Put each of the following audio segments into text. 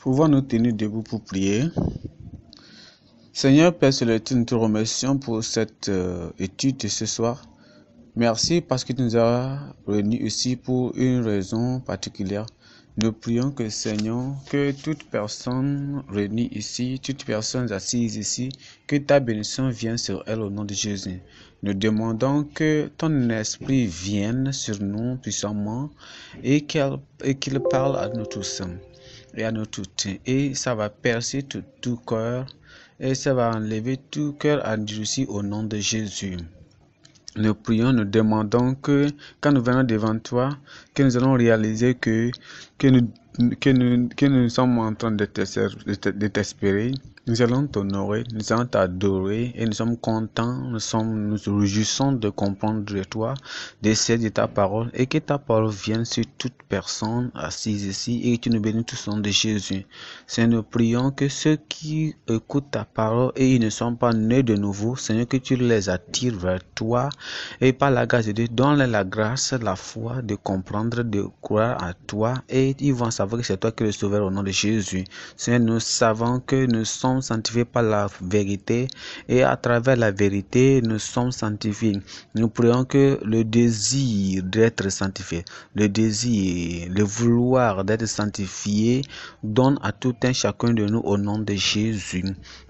Pouvons nous tenir debout pour prier Seigneur Père Céleste, nous te remercions pour cette euh, étude de ce soir. Merci parce que tu nous as réunis ici pour une raison particulière. Nous prions que Seigneur, que toute personne réunie ici, toute personne assise ici, que ta bénédiction vienne sur elle au nom de Jésus. Nous demandons que ton esprit vienne sur nous puissamment et qu'il parle à nous tous et à toutes. Et ça va percer tout, tout cœur et ça va enlever tout cœur endurci au nom de Jésus. Nous prions, nous demandons que quand nous venons devant toi, que nous allons réaliser que, que, nous, que, nous, que nous sommes en train de t'espérer, nous allons t'honorer, nous allons t'adorer et nous sommes contents, nous sommes, nous réjouissons de comprendre de toi, d'essayer de ta parole et que ta parole vienne sur toute personne assise ici et que tu nous bénis tout au nom de Jésus. Seigneur, nous prions que ceux qui écoutent ta parole et ils ne sont pas nés de nouveau, Seigneur, que tu les attires vers toi et par la grâce de Dieu, donne-leur la grâce, la foi de comprendre, de croire à toi et ils vont savoir que c'est toi qui le sauveur au nom de Jésus. Seigneur, nous savons que nous sommes sommes sanctifiés par la vérité et à travers la vérité, nous sommes sanctifiés. Nous prions que le désir d'être sanctifié, le désir, le vouloir d'être sanctifié donne à tout un chacun de nous au nom de Jésus.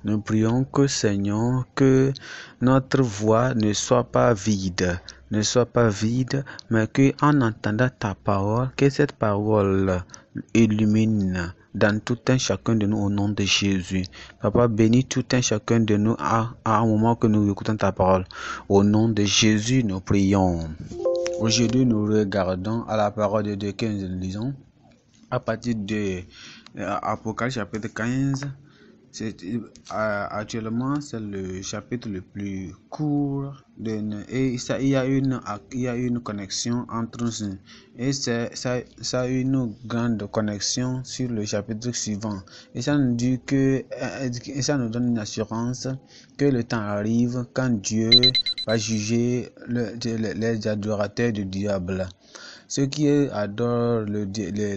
Nous prions que Seigneur, que notre voix ne soit pas vide ne soit pas vide, mais que en entendant ta parole, que cette parole illumine, dans tout un chacun de nous au nom de Jésus. Papa, bénis tout un chacun de nous à, à un moment que nous écoutons ta parole. Au nom de Jésus, nous prions. Aujourd'hui, nous regardons à la parole de Dieu 15 nous lisons à partir de euh, Apocalypse chapitre 15 euh, actuellement, c'est le chapitre le plus court et ça, il, y a une, il y a une connexion entre nous. Et ça, ça une grande connexion sur le chapitre suivant. Et ça nous dit que, euh, et ça nous donne une assurance que le temps arrive quand Dieu va juger les adorateurs du diable ceux qui adorent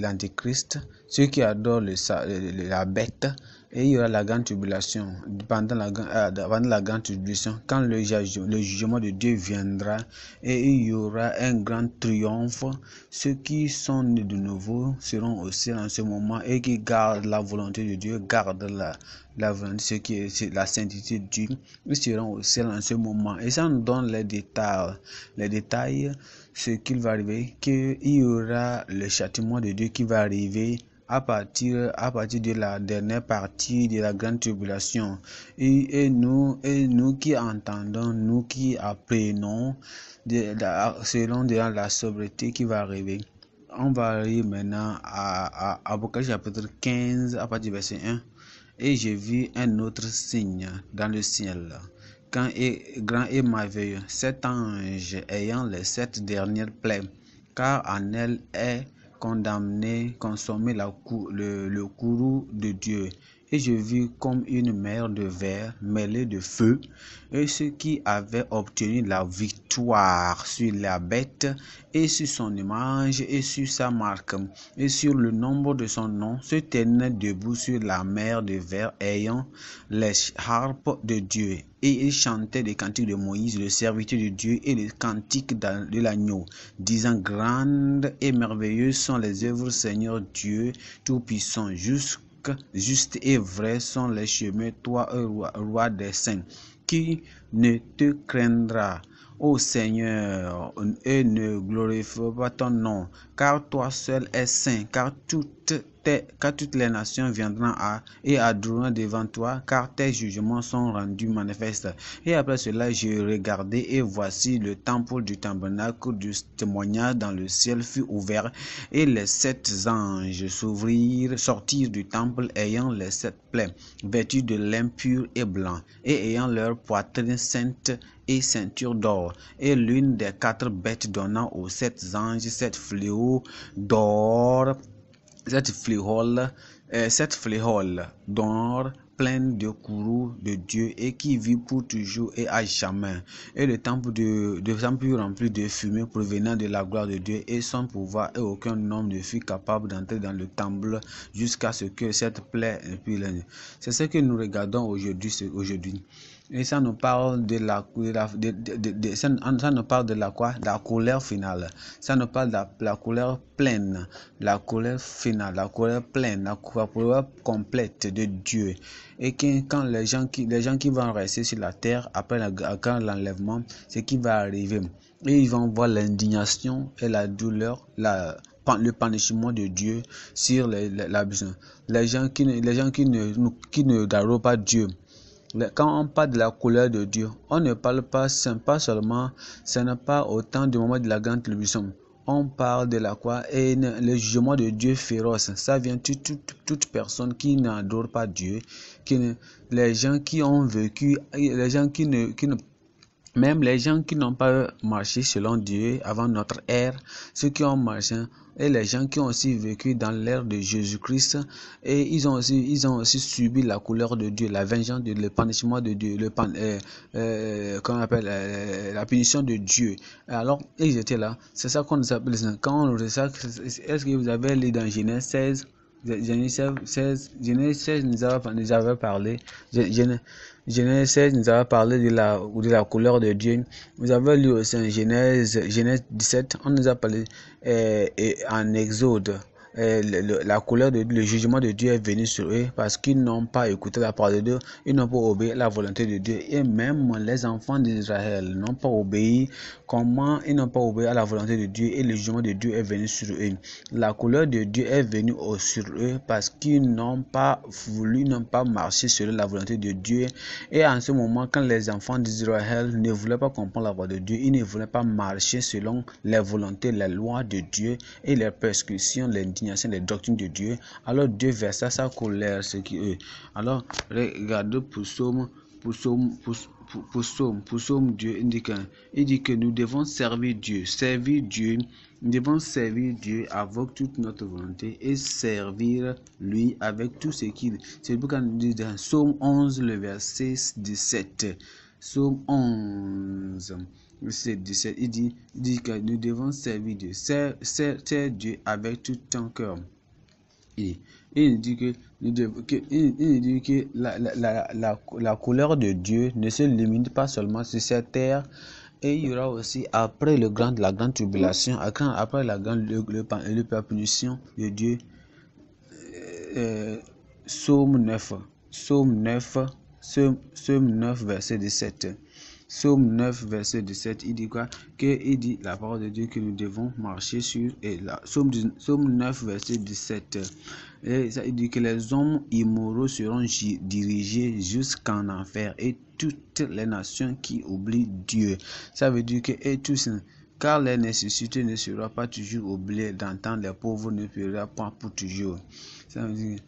l'antichrist, ceux qui adorent la bête, et il y aura la grande tribulation pendant la, euh, la grande tribulation, quand le, le, jugement de Dieu viendra, et il y aura un grand triomphe. Ceux qui sont nés de nouveau seront aussi en ce moment et qui gardent la volonté de Dieu, gardent la, la ce qui la sainteté de Dieu, ils seront au ciel en ce moment. Et ça nous donne les détails, les détails, ce qu'il va arriver, qu'il y aura le châtiment de Dieu qui va arriver à partir, à partir de la dernière partie de la grande tribulation. Et, et nous, et nous qui entendons, nous qui apprenons de selon de la sobriété qui va arriver. On va aller maintenant à, à Apocalypse chapitre 15 à partir du verset 1. Et j'ai vu un autre signe dans le ciel, quand et, grand et merveilleux, cet ange ayant les sept dernières plaies, car en elle est « Condamner, consommer la, le courroux de Dieu et je vis comme une mer de verre mêlée de feu, et ceux qui avaient obtenu la victoire sur la bête et sur son image et sur sa marque et sur le nombre de son nom se tenaient debout sur la mer de verre ayant les harpes de Dieu. Et ils chantaient des cantiques de Moïse, le serviteur de Dieu, et les cantiques de l'agneau, disant Grande et merveilleuse sont les œuvres, Seigneur Dieu Tout-Puissant, jusqu'à Juste et vrai sont les chemins, toi, roi, roi des saints. Qui ne te craindra, ô Seigneur, et ne glorifie pas ton nom, car toi seul es saint, car toute car toutes les nations viendront à, et adoreront devant toi, car tes jugements sont rendus manifestes. Et après cela, j'ai regardé, et voici le temple du tabernacle du témoignage dans le ciel fut ouvert, et les sept anges s'ouvrirent, sortirent du temple, ayant les sept plaies, vêtus de l'impur et blanc, et ayant leur poitrine sainte et ceinture d'or, et l'une des quatre bêtes donnant aux sept anges sept fléaux d'or cette fléole euh, cette fléole d'or pleine de courroux de Dieu et qui vit pour toujours et à jamais. Et le temple de, de rempli de fumée provenant de la gloire de Dieu et sans pouvoir et aucun homme ne fut capable d'entrer dans le temple jusqu'à ce que cette plaie ne C'est ce que nous regardons aujourd'hui. aujourd'hui. Et ça nous parle de la, de, de, nous parle de la quoi La couleur finale. Ça nous parle de la, couleur pleine, la couleur finale, la couleur pleine, la couleur complète de Dieu. Et quand les gens qui, les gens qui vont rester sur la terre après l'enlèvement, ce qui va arriver, et ils vont voir l'indignation et la douleur, la, le punishment de Dieu sur les, la, les gens qui, les gens qui ne, qui ne pas Dieu quand on parle de la couleur de Dieu, on ne parle pas, seulement, ce n'est pas autant du moment de la grande tribulation. On parle de la croix et le jugement de Dieu féroce. Ça vient de toute, personne qui n'adore pas Dieu, qui les gens qui ont vécu, les gens qui ne même les gens qui n'ont pas marché selon Dieu avant notre ère, ceux qui ont marché et les gens qui ont aussi vécu dans l'ère de Jésus-Christ et ils ont aussi ils ont aussi subi la couleur de Dieu, la vengeance de le punishment de Dieu, le pan, euh, euh appelle euh, la punition de Dieu. Alors ils étaient là. C'est ça qu'on nous appelle quand on Est-ce que vous avez lu dans Genèse 16 Genèse 16, Genèse 16 nous avait, nous parlé. Genèse, Genèse 16 nous a parlé de la, de la couleur de Dieu. Vous avez lu aussi en Genèse, Genèse 17, on nous a parlé euh, et en Exode. Euh, la couleur de le jugement de Dieu est venu sur eux parce qu'ils n'ont pas écouté la parole de Dieu, ils n'ont pas obéi la volonté de Dieu. Et même les enfants d'Israël n'ont pas obéi. Comment ils n'ont pas obéi à la volonté de Dieu et le jugement de Dieu est venu sur eux. La couleur de Dieu est venue sur eux parce qu'ils n'ont pas voulu, n'ont pas marché sur la volonté de Dieu. Et en ce moment, quand les enfants d'Israël ne voulaient pas comprendre la voix de Dieu, ils ne voulaient pas marcher selon les volontés, la loi de Dieu et les persécutions, les les des doctrines de Dieu, alors Dieu versa sa colère, ce qui eux. Alors, regardez pour Somme, pour Somme, pour, pour, Somme, Dieu indique, il dit que nous devons servir Dieu, servir Dieu, nous devons servir Dieu avec toute notre volonté et servir lui avec tout ce qu'il. C'est pourquoi nous dit dans Somme 11, le verset 17. Somme 11. 17, il dit, dit que nous devons servir Dieu, certains Dieu avec tout ton cœur. il dit que, la, couleur de Dieu ne se limite pas seulement sur cette terre. Et il y aura aussi, après le la grande tribulation, après, la grande le, le, le punition de Dieu, euh, 9, psaume 9, 9, verset 17. Psaume 9, verset 17, il dit quoi Que il dit la parole de Dieu que nous devons marcher sur. Et la, psaume, 9, verset 17. Et ça, il dit que les hommes immoraux seront dirigés jusqu'en enfer et toutes les nations qui oublient Dieu. Ça veut dire que et tous car les nécessités ne seront pas toujours oubliées D'entendre les pauvres ne périra pas pour toujours. Ça veut dire,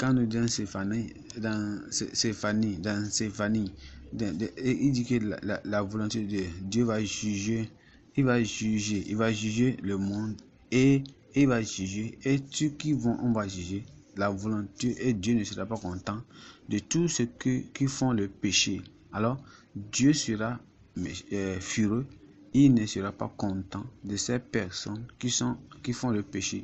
quand nous disons Séphanie, dans dans il la, la, la, volonté de Dieu. va juger, il va juger, il va juger le monde et, il va juger et tu qui vont, on va juger la volonté et Dieu ne sera pas content de tout ce que, qui font le péché. Alors Dieu sera euh, furieux, il ne sera pas content de ces personnes qui sont qui font le péché,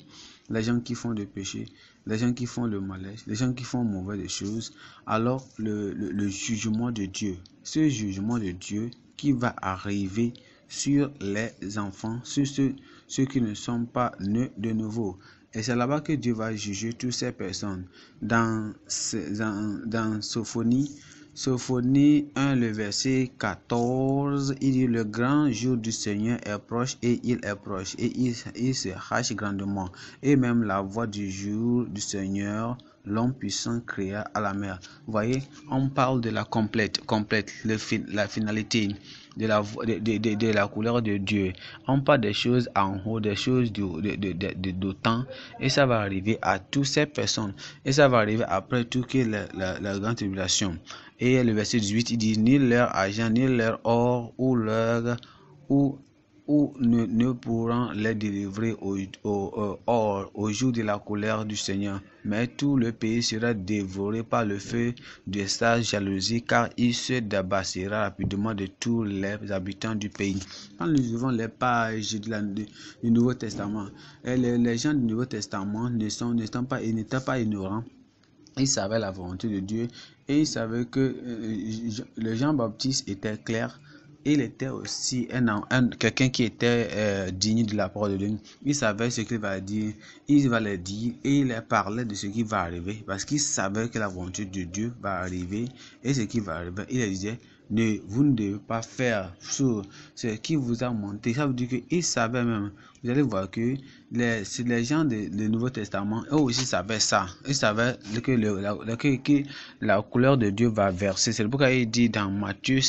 les gens qui font le péché les gens qui font le malaise, les gens qui font mauvaises choses, alors le, jugement de Dieu, ce jugement de Dieu qui va arriver sur les enfants, sur ceux, qui ne sont pas nés de nouveau. Et c'est là-bas que Dieu va juger toutes ces personnes. Dans, dans, dans Sophonie Sophonie 1, le verset 14, il dit Le grand jour du Seigneur est proche et il est proche et il, se hache grandement. Et même la voix du jour du Seigneur, l'homme puissant créa à la mer. Vous voyez, on parle de la complète, complète, le, la finalité de la, de, de, de, la couleur de Dieu. On parle des choses en haut, des choses de, d'autant, et ça va arriver à toutes ces personnes, et ça va arriver après tout que la grande tribulation. Et le verset 18, il dit, ni leur argent, ni leur or, ou leur, ou, ou ne, ne, pourront les délivrer au, au, euh, or, au jour de la colère du Seigneur. Mais tout le pays sera dévoré par le feu de sa jalousie, car il se débarrassera rapidement de tous les habitants du pays. Quand nous ouvrons les pages de du Nouveau Testament, les, les, gens du Nouveau Testament ne sont, ne sont pas, n'étaient pas ignorants. Ils savaient la volonté de Dieu et il savait que euh, le Jean-Baptiste était clair. Il était aussi un, quelqu'un qui était euh, digne de la parole de Dieu. Il savait ce qu'il va dire. Il va le dire et il parlait de ce qui va arriver. Parce qu'il savait que l'aventure de Dieu va arriver. Et ce qui va arriver, il disait ne, vous ne devez pas faire sur ce qui vous a monté. Ça veut dire qu'il savait même. Vous allez voir que les, les gens du Nouveau Testament, eux aussi savaient ça. Ils savaient que, la, couleur de Dieu va verser. C'est pourquoi il dit dans Matthieu,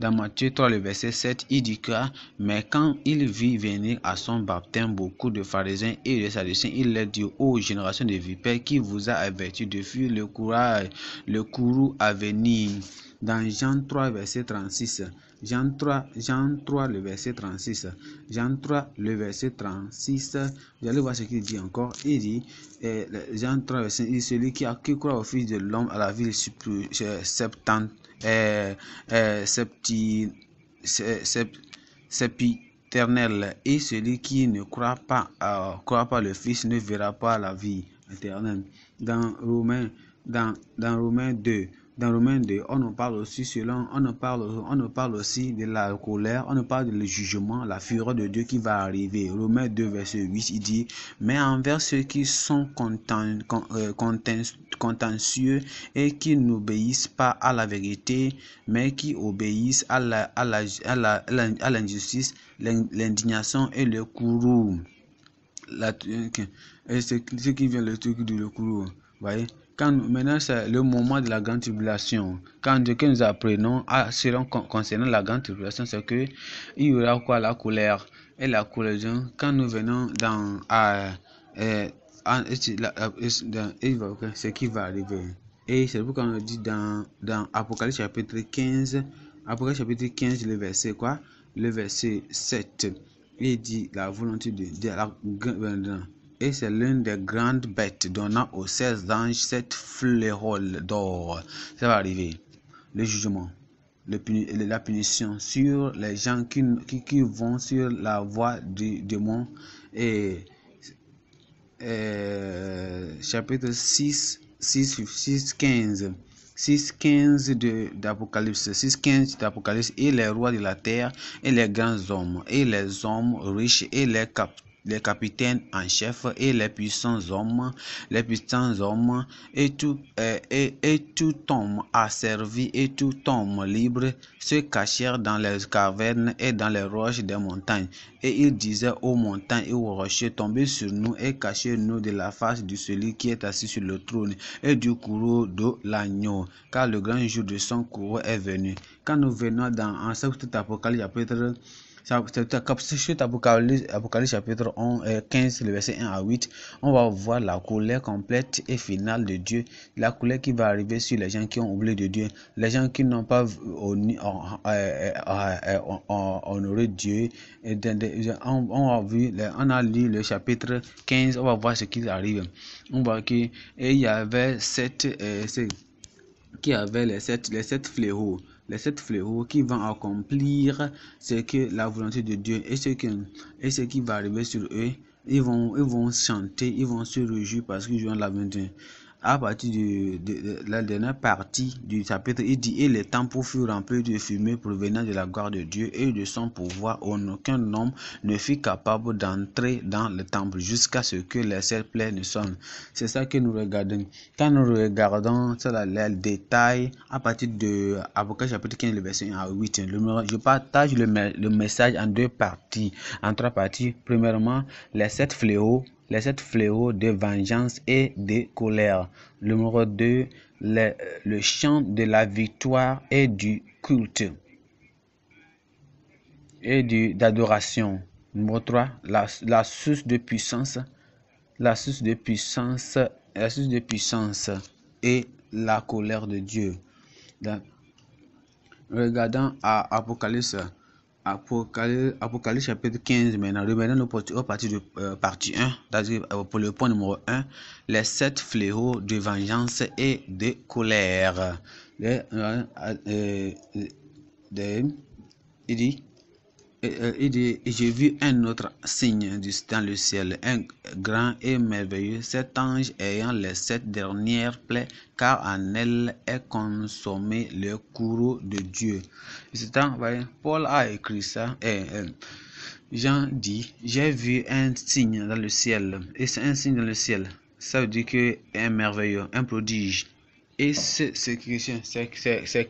dans, Matthieu 3, le verset 7, il dit que, mais quand il vit venir à son baptême beaucoup de pharisiens et de sadducéens, il leur dit, ô génération de vipères, qui vous a averti de fuir le courage, le courroux à venir dans Jean 3, verset 36, Jean 3, Jean 3, le verset 36, Jean 3, le verset 36, vous allez voir ce qu'il dit encore, il dit, euh, Jean 3, verset, il celui qui, a, qui croit au Fils de l'homme à la ville euh, septante, eh, sept, éternelle et celui qui ne croit pas, euh, croit pas le Fils ne verra pas la vie éternelle. Dans Romains, dans, dans Romains 2, dans Romains 2, on nous parle aussi selon, on parle, on parle aussi de la colère, on nous parle du jugement, la fureur de Dieu qui va arriver. Romains 2, verset 8, il dit, mais envers ceux qui sont euh, content, contentieux et qui n'obéissent pas à la vérité, mais qui obéissent à la, à l'injustice, l'indignation et le courroux. La, ce qui vient le truc du le courroux, voyez? Quand, maintenant, c'est le moment de la grande tribulation. Quand Dieu que nous apprenons à, selon, concernant la grande tribulation, c'est que il y aura quoi la colère et la colère. Quand nous venons dans à, euh, ce qui va arriver. Et c'est pourquoi on dit dans, dans Apocalypse chapitre 15, Apocalypse chapitre 15, le verset quoi? Le verset 7. Il dit la volonté de, de la, grande et c'est l'une des grandes bêtes donnant aux 16 anges cette fleur d'or. Ça va arriver. Le jugement, le, la punition sur les gens qui, qui, vont sur la voie du démon. Et, euh, chapitre 6, 6, 6, 15. 6.15 d'Apocalypse, 15 d'Apocalypse, et les rois de la terre, et les grands hommes, et les hommes riches, et les captifs les capitaines en chef et les puissants hommes, les puissants hommes, et tout, eh, et, homme asservi et tout homme libre se cachèrent dans les cavernes et dans les roches des montagnes. Et ils disaient aux montagnes et aux rochers, tombez sur nous et cachez-nous de la face de celui qui est assis sur le trône et du courroux de l'agneau, car le grand jour de son courroux est venu. Quand nous venons dans, un cet apocalypse sur Apocalypse chapitre 15, euh, le verset 1 à 8, on va voir la colère complète et finale de Dieu, la colère qui va arriver sur les gens qui ont oublié de Dieu, les gens qui n'ont pas euh, euh, honoré Dieu. On a, vu, on a lu le chapitre 15, on va voir ce qui arrive. On voit qu'il y avait sept, qui avait les sept, les sept fléaux les sept fléaux qui vont accomplir ce que la volonté de Dieu et ce, ce qui va arriver sur eux. Ils vont, ils vont chanter, ils vont se réjouir parce qu'ils ont la vingtaine à partir de, la dernière partie du chapitre, il dit Et les temples furent remplis de fumée provenant de la gloire de Dieu et de son pouvoir. Aucun homme ne fut capable d'entrer dans le temple jusqu'à ce que les sept pleines sonnent. C'est ça que nous regardons. Quand nous regardons cela, le détails, à partir de Apocalypse chapitre 15, le verset 1 à 8, hein, je partage le message en deux parties, en trois parties. Premièrement, les sept fléaux les sept fléaux de vengeance et de colère. Numéro 2, le, chant de la victoire et du culte et d'adoration. Numéro 3, la, source de puissance, la source de puissance, la source de puissance et la colère de Dieu. Regardons regardant Apocalypse Apocalypse, chapitre 15 maintenant. nous au euh, partie 1, euh, pour le point numéro 1, les sept fléaux de vengeance et de colère. Euh, il dit euh, et, j'ai vu un autre signe dans le ciel, un grand et merveilleux, cet ange ayant les sept dernières plaies, car en elle est consommé le courroux de Dieu. Paul a écrit ça. Et, euh, Jean dit, j'ai vu un signe dans le ciel. Et c'est un signe dans le ciel. Ça veut dire que un merveilleux, un prodige. Et c'est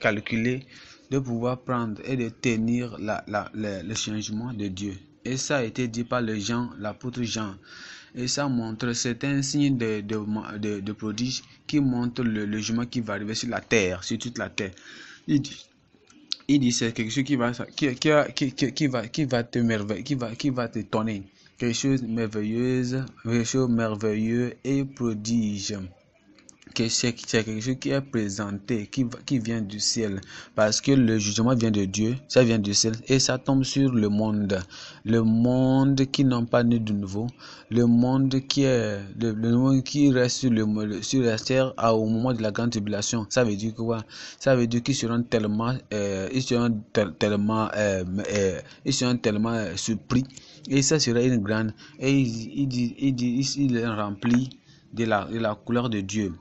calculé de pouvoir prendre et de tenir la, la, le changement de Dieu. Et ça a été dit par le Jean, l'apôtre Jean. Et ça montre, c'est un signe de, de, de, prodige qui montre le, le jugement qui va arriver sur la terre, sur toute la terre. Il dit, c'est quelque chose qui va, qui, qui, qui, va, qui va te merveille, qui va, qui va t'étonner. Quelque chose merveilleuse, quelque chose merveilleux et prodige c'est quelque chose qui est présenté, qui, qui vient du ciel. Parce que le jugement vient de Dieu, ça vient du ciel et ça tombe sur le monde. Le monde qui n'a pas né de nouveau, le monde qui est le, monde qui reste sur, le, sur la terre à, au moment de la grande tribulation. Ça veut dire quoi Ça veut dire qu'ils seront tellement, euh, euh, euh, ils seront tellement, ils seront tellement surpris. Et ça sera une grande. Et il, dit, il, est rempli de la, de la couleur de Dieu.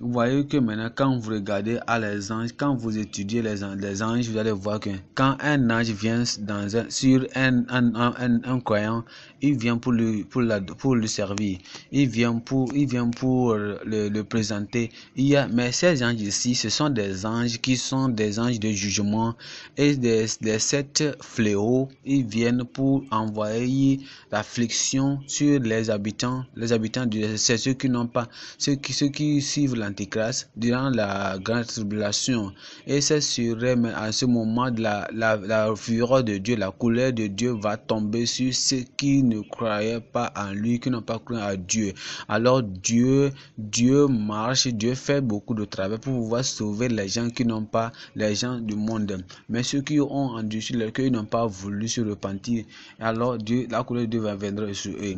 Vous voyez que maintenant, quand vous regardez à les anges, quand vous étudiez les anges, les anges vous allez voir que quand un ange vient dans sur un, un, un, un, croyant, il vient pour le pour, la, pour le servir, il vient pour, il vient pour le, présenter. Il y a, mais ces anges ici, ce sont des anges qui sont des anges de jugement et des, des sept fléaux, ils viennent pour envoyer l'affliction sur les habitants, les habitants du, c'est ceux qui n'ont pas, ceux qui, ceux qui suivent la l'Antichrist durant la grande tribulation. Et c'est sur mais à ce moment, la, la, fureur de Dieu, la couleur de Dieu va tomber sur ceux qui ne croyaient pas en lui, qui n'ont pas cru à Dieu. Alors Dieu, Dieu marche, Dieu fait beaucoup de travail pour pouvoir sauver les gens qui n'ont pas, les gens du monde. Mais ceux qui ont endurci leur cœur, n'ont pas voulu se repentir. Alors Dieu, la couleur de Dieu va venir sur eux.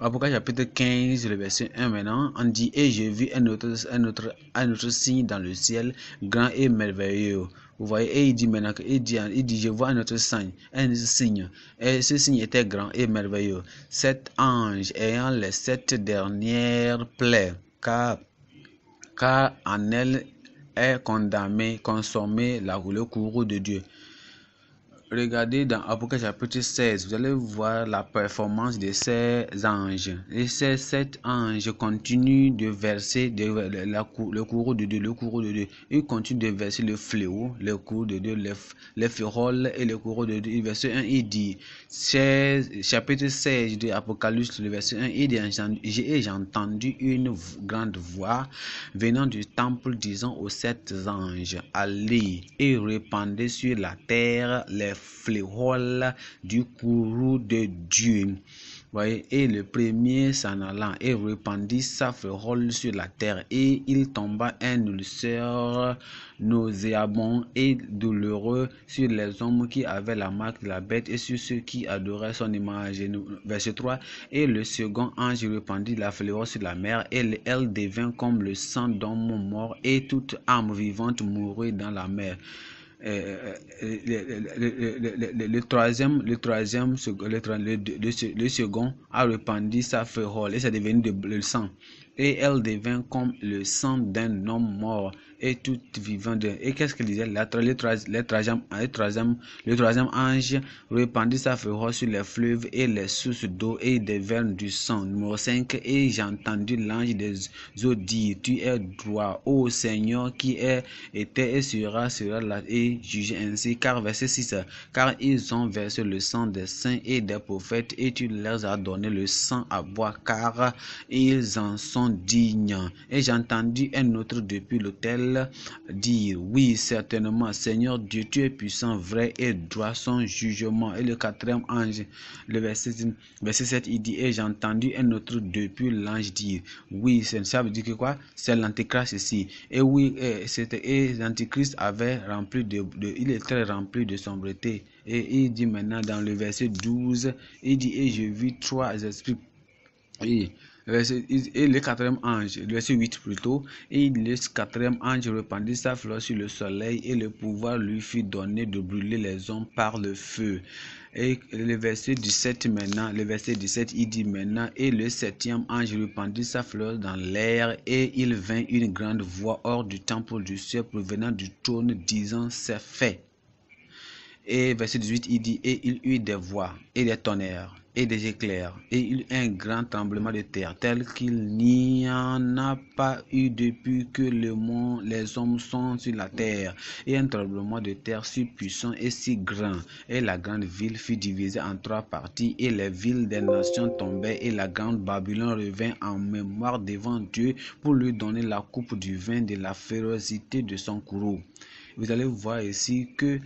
Apocalypse chapitre 15, le verset 1 maintenant, on dit Et j'ai vu un autre, un, autre, un autre signe dans le ciel, grand et merveilleux. Vous voyez, et il dit maintenant, il dit, il dit Je vois un autre signe, un signe. Et ce signe était grand et merveilleux. Sept anges ayant les sept dernières plaies, car, car en elle est condamné, consommé la, le courroux de Dieu regardez dans Apocalypse chapitre 16, vous allez voir la performance de ces anges. Et ces sept anges continuent de verser de, la, le courroux de Dieu, le courroux de Dieu. Ils continuent de verser le fléau, le courroux de Dieu, le, le férole et le courroux de Dieu. Verset 1, il dit, chapitre 16 de Apocalypse, le verset 1, il dit, j'ai entendu une grande voix venant du temple disant aux sept anges, allez et répandez sur la terre les du courroux de Dieu. Voyez, et le premier s'en allant et répandit sa férole sur la terre, et il tomba un ulcère nauséabond et douloureux sur les hommes qui avaient la marque de la bête et sur ceux qui adoraient son image. Verset 3 Et le second ange répandit la fléau sur la mer, et elle devint comme le sang d'homme mort, et toute âme vivante mourut dans la mer le, troisième, le troisième, le, second a répandu sa férole et c'est devenu le sang. Et elle devint comme le sang d'un homme mort et tout vivant d'eux. Et qu'est-ce qu'il disait le, troisième, hein, le, troisième, le troisième ange répandit sa fureur sur les fleuves et les sources d'eau et des vernes du sang. Numéro 5. Et j'ai entendu l'ange des eaux dire Tu es droit, ô Seigneur, qui est, était et sera, sera et jugé ainsi. Car, verset 6, car ils ont versé le sang des saints et des prophètes, et tu leur as donné le sang à boire, car ils en sont dignes. Et j'ai entendu un autre depuis l'autel dire Oui, certainement, Seigneur Dieu, tu es puissant, vrai et droit, son jugement. Et le quatrième ange, le verset, 7, il dit Et j'ai entendu un autre depuis l'ange dire Oui, ça veut dire que quoi C'est l'antichrist ici. Et oui, c'était l'antichrist avait rempli de, de, Il est très rempli de sombreté. Et il dit maintenant dans le verset 12 Il dit Et je vis trois esprits et le quatrième ange, verset 8 plutôt, et le quatrième ange répandit sa fleur sur le soleil et le pouvoir lui fut donné de brûler les hommes par le feu. Et le verset 17 maintenant, le verset 17, il dit maintenant, et le septième ange répandit sa fleur dans l'air, et il vint une grande voix hors du temple du ciel provenant du trône, disant, c'est fait. Et verset 18, il dit, et il eut des voix et des tonnerres et des éclairs, et il eut un grand tremblement de terre, tel qu'il n'y en a pas eu depuis que le monde, les hommes sont sur la terre, et un tremblement de terre si puissant et si grand. Et la grande ville fut divisée en trois parties, et les villes des nations tombaient, et la grande Babylone revint en mémoire devant Dieu pour lui donner la coupe du vin de la férocité de son courroux vous allez voir ici que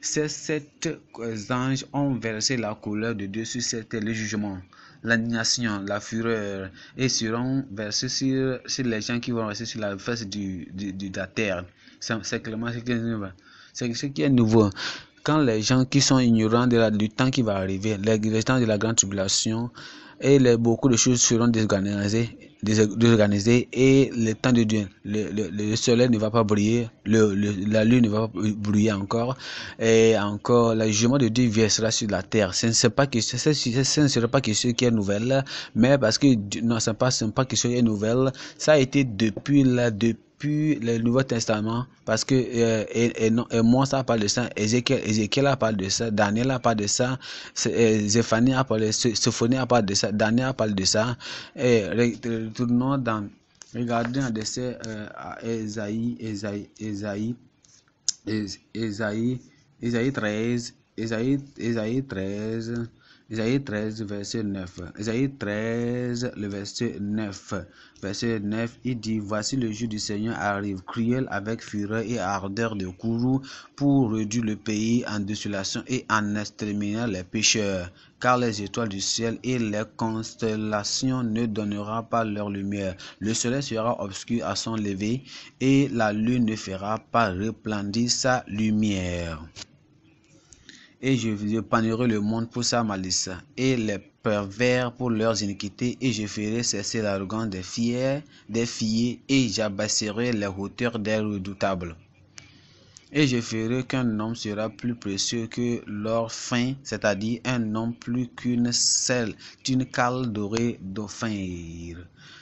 ces sept euh, anges ont versé la couleur de Dieu sur cette le jugement, l'indignation, la fureur, et seront versés sur, les gens qui vont rester sur la face de la terre. C'est clairement ce qui est nouveau. C'est ce qui est nouveau quand les gens qui sont ignorants de du temps qui va arriver, les, les de la grande tribulation, et beaucoup de choses seront désorganisées, désorganisées et le temps de Dieu, le, le, le soleil ne va pas briller, le, la lune ne va pas briller encore et encore le jugement de Dieu viendra sur la terre. Ce ne, pas que, ce, ce ne sera pas qui est nouvelle, mais parce que non, ce n'est pas, pas chose qui est nouvelle, ça a été depuis la depuis puis le Nouveau Testament, parce que euh, et, et, non, parle de ça, Ézéchiel, a parlé de ça, Daniel a parlé de ça, euh, Zéphanie a parlé de ça, Sophonie a parlé de ça, Daniel a parlé de ça. Et retournons dans, regardez un verset euh, à Esaïe, Esaïe, Esaïe, Esaïe, Esaïe 13, Esaïe, 13, Esaïe 13, verset 9. Esaïe 13, le verset 9. Verset 9, il dit, Voici le jour du Seigneur arrive, cruel avec fureur et ardeur de courroux, pour réduire le pays en désolation et en exterminer les pécheurs. Car les étoiles du ciel et les constellations ne donneront pas leur lumière. Le soleil sera obscur à son lever, et la lune ne fera pas replandir sa lumière et je, le monde pour sa malice, et les pervers pour leurs iniquités, et je ferai cesser l'arrogance des fiers, des filles, et j'abaisserai les hauteurs des redoutables. Et je ferai qu'un homme sera plus précieux que leur fin, c'est-à-dire un homme plus qu'une selle, d'une cale dorée d'offrir.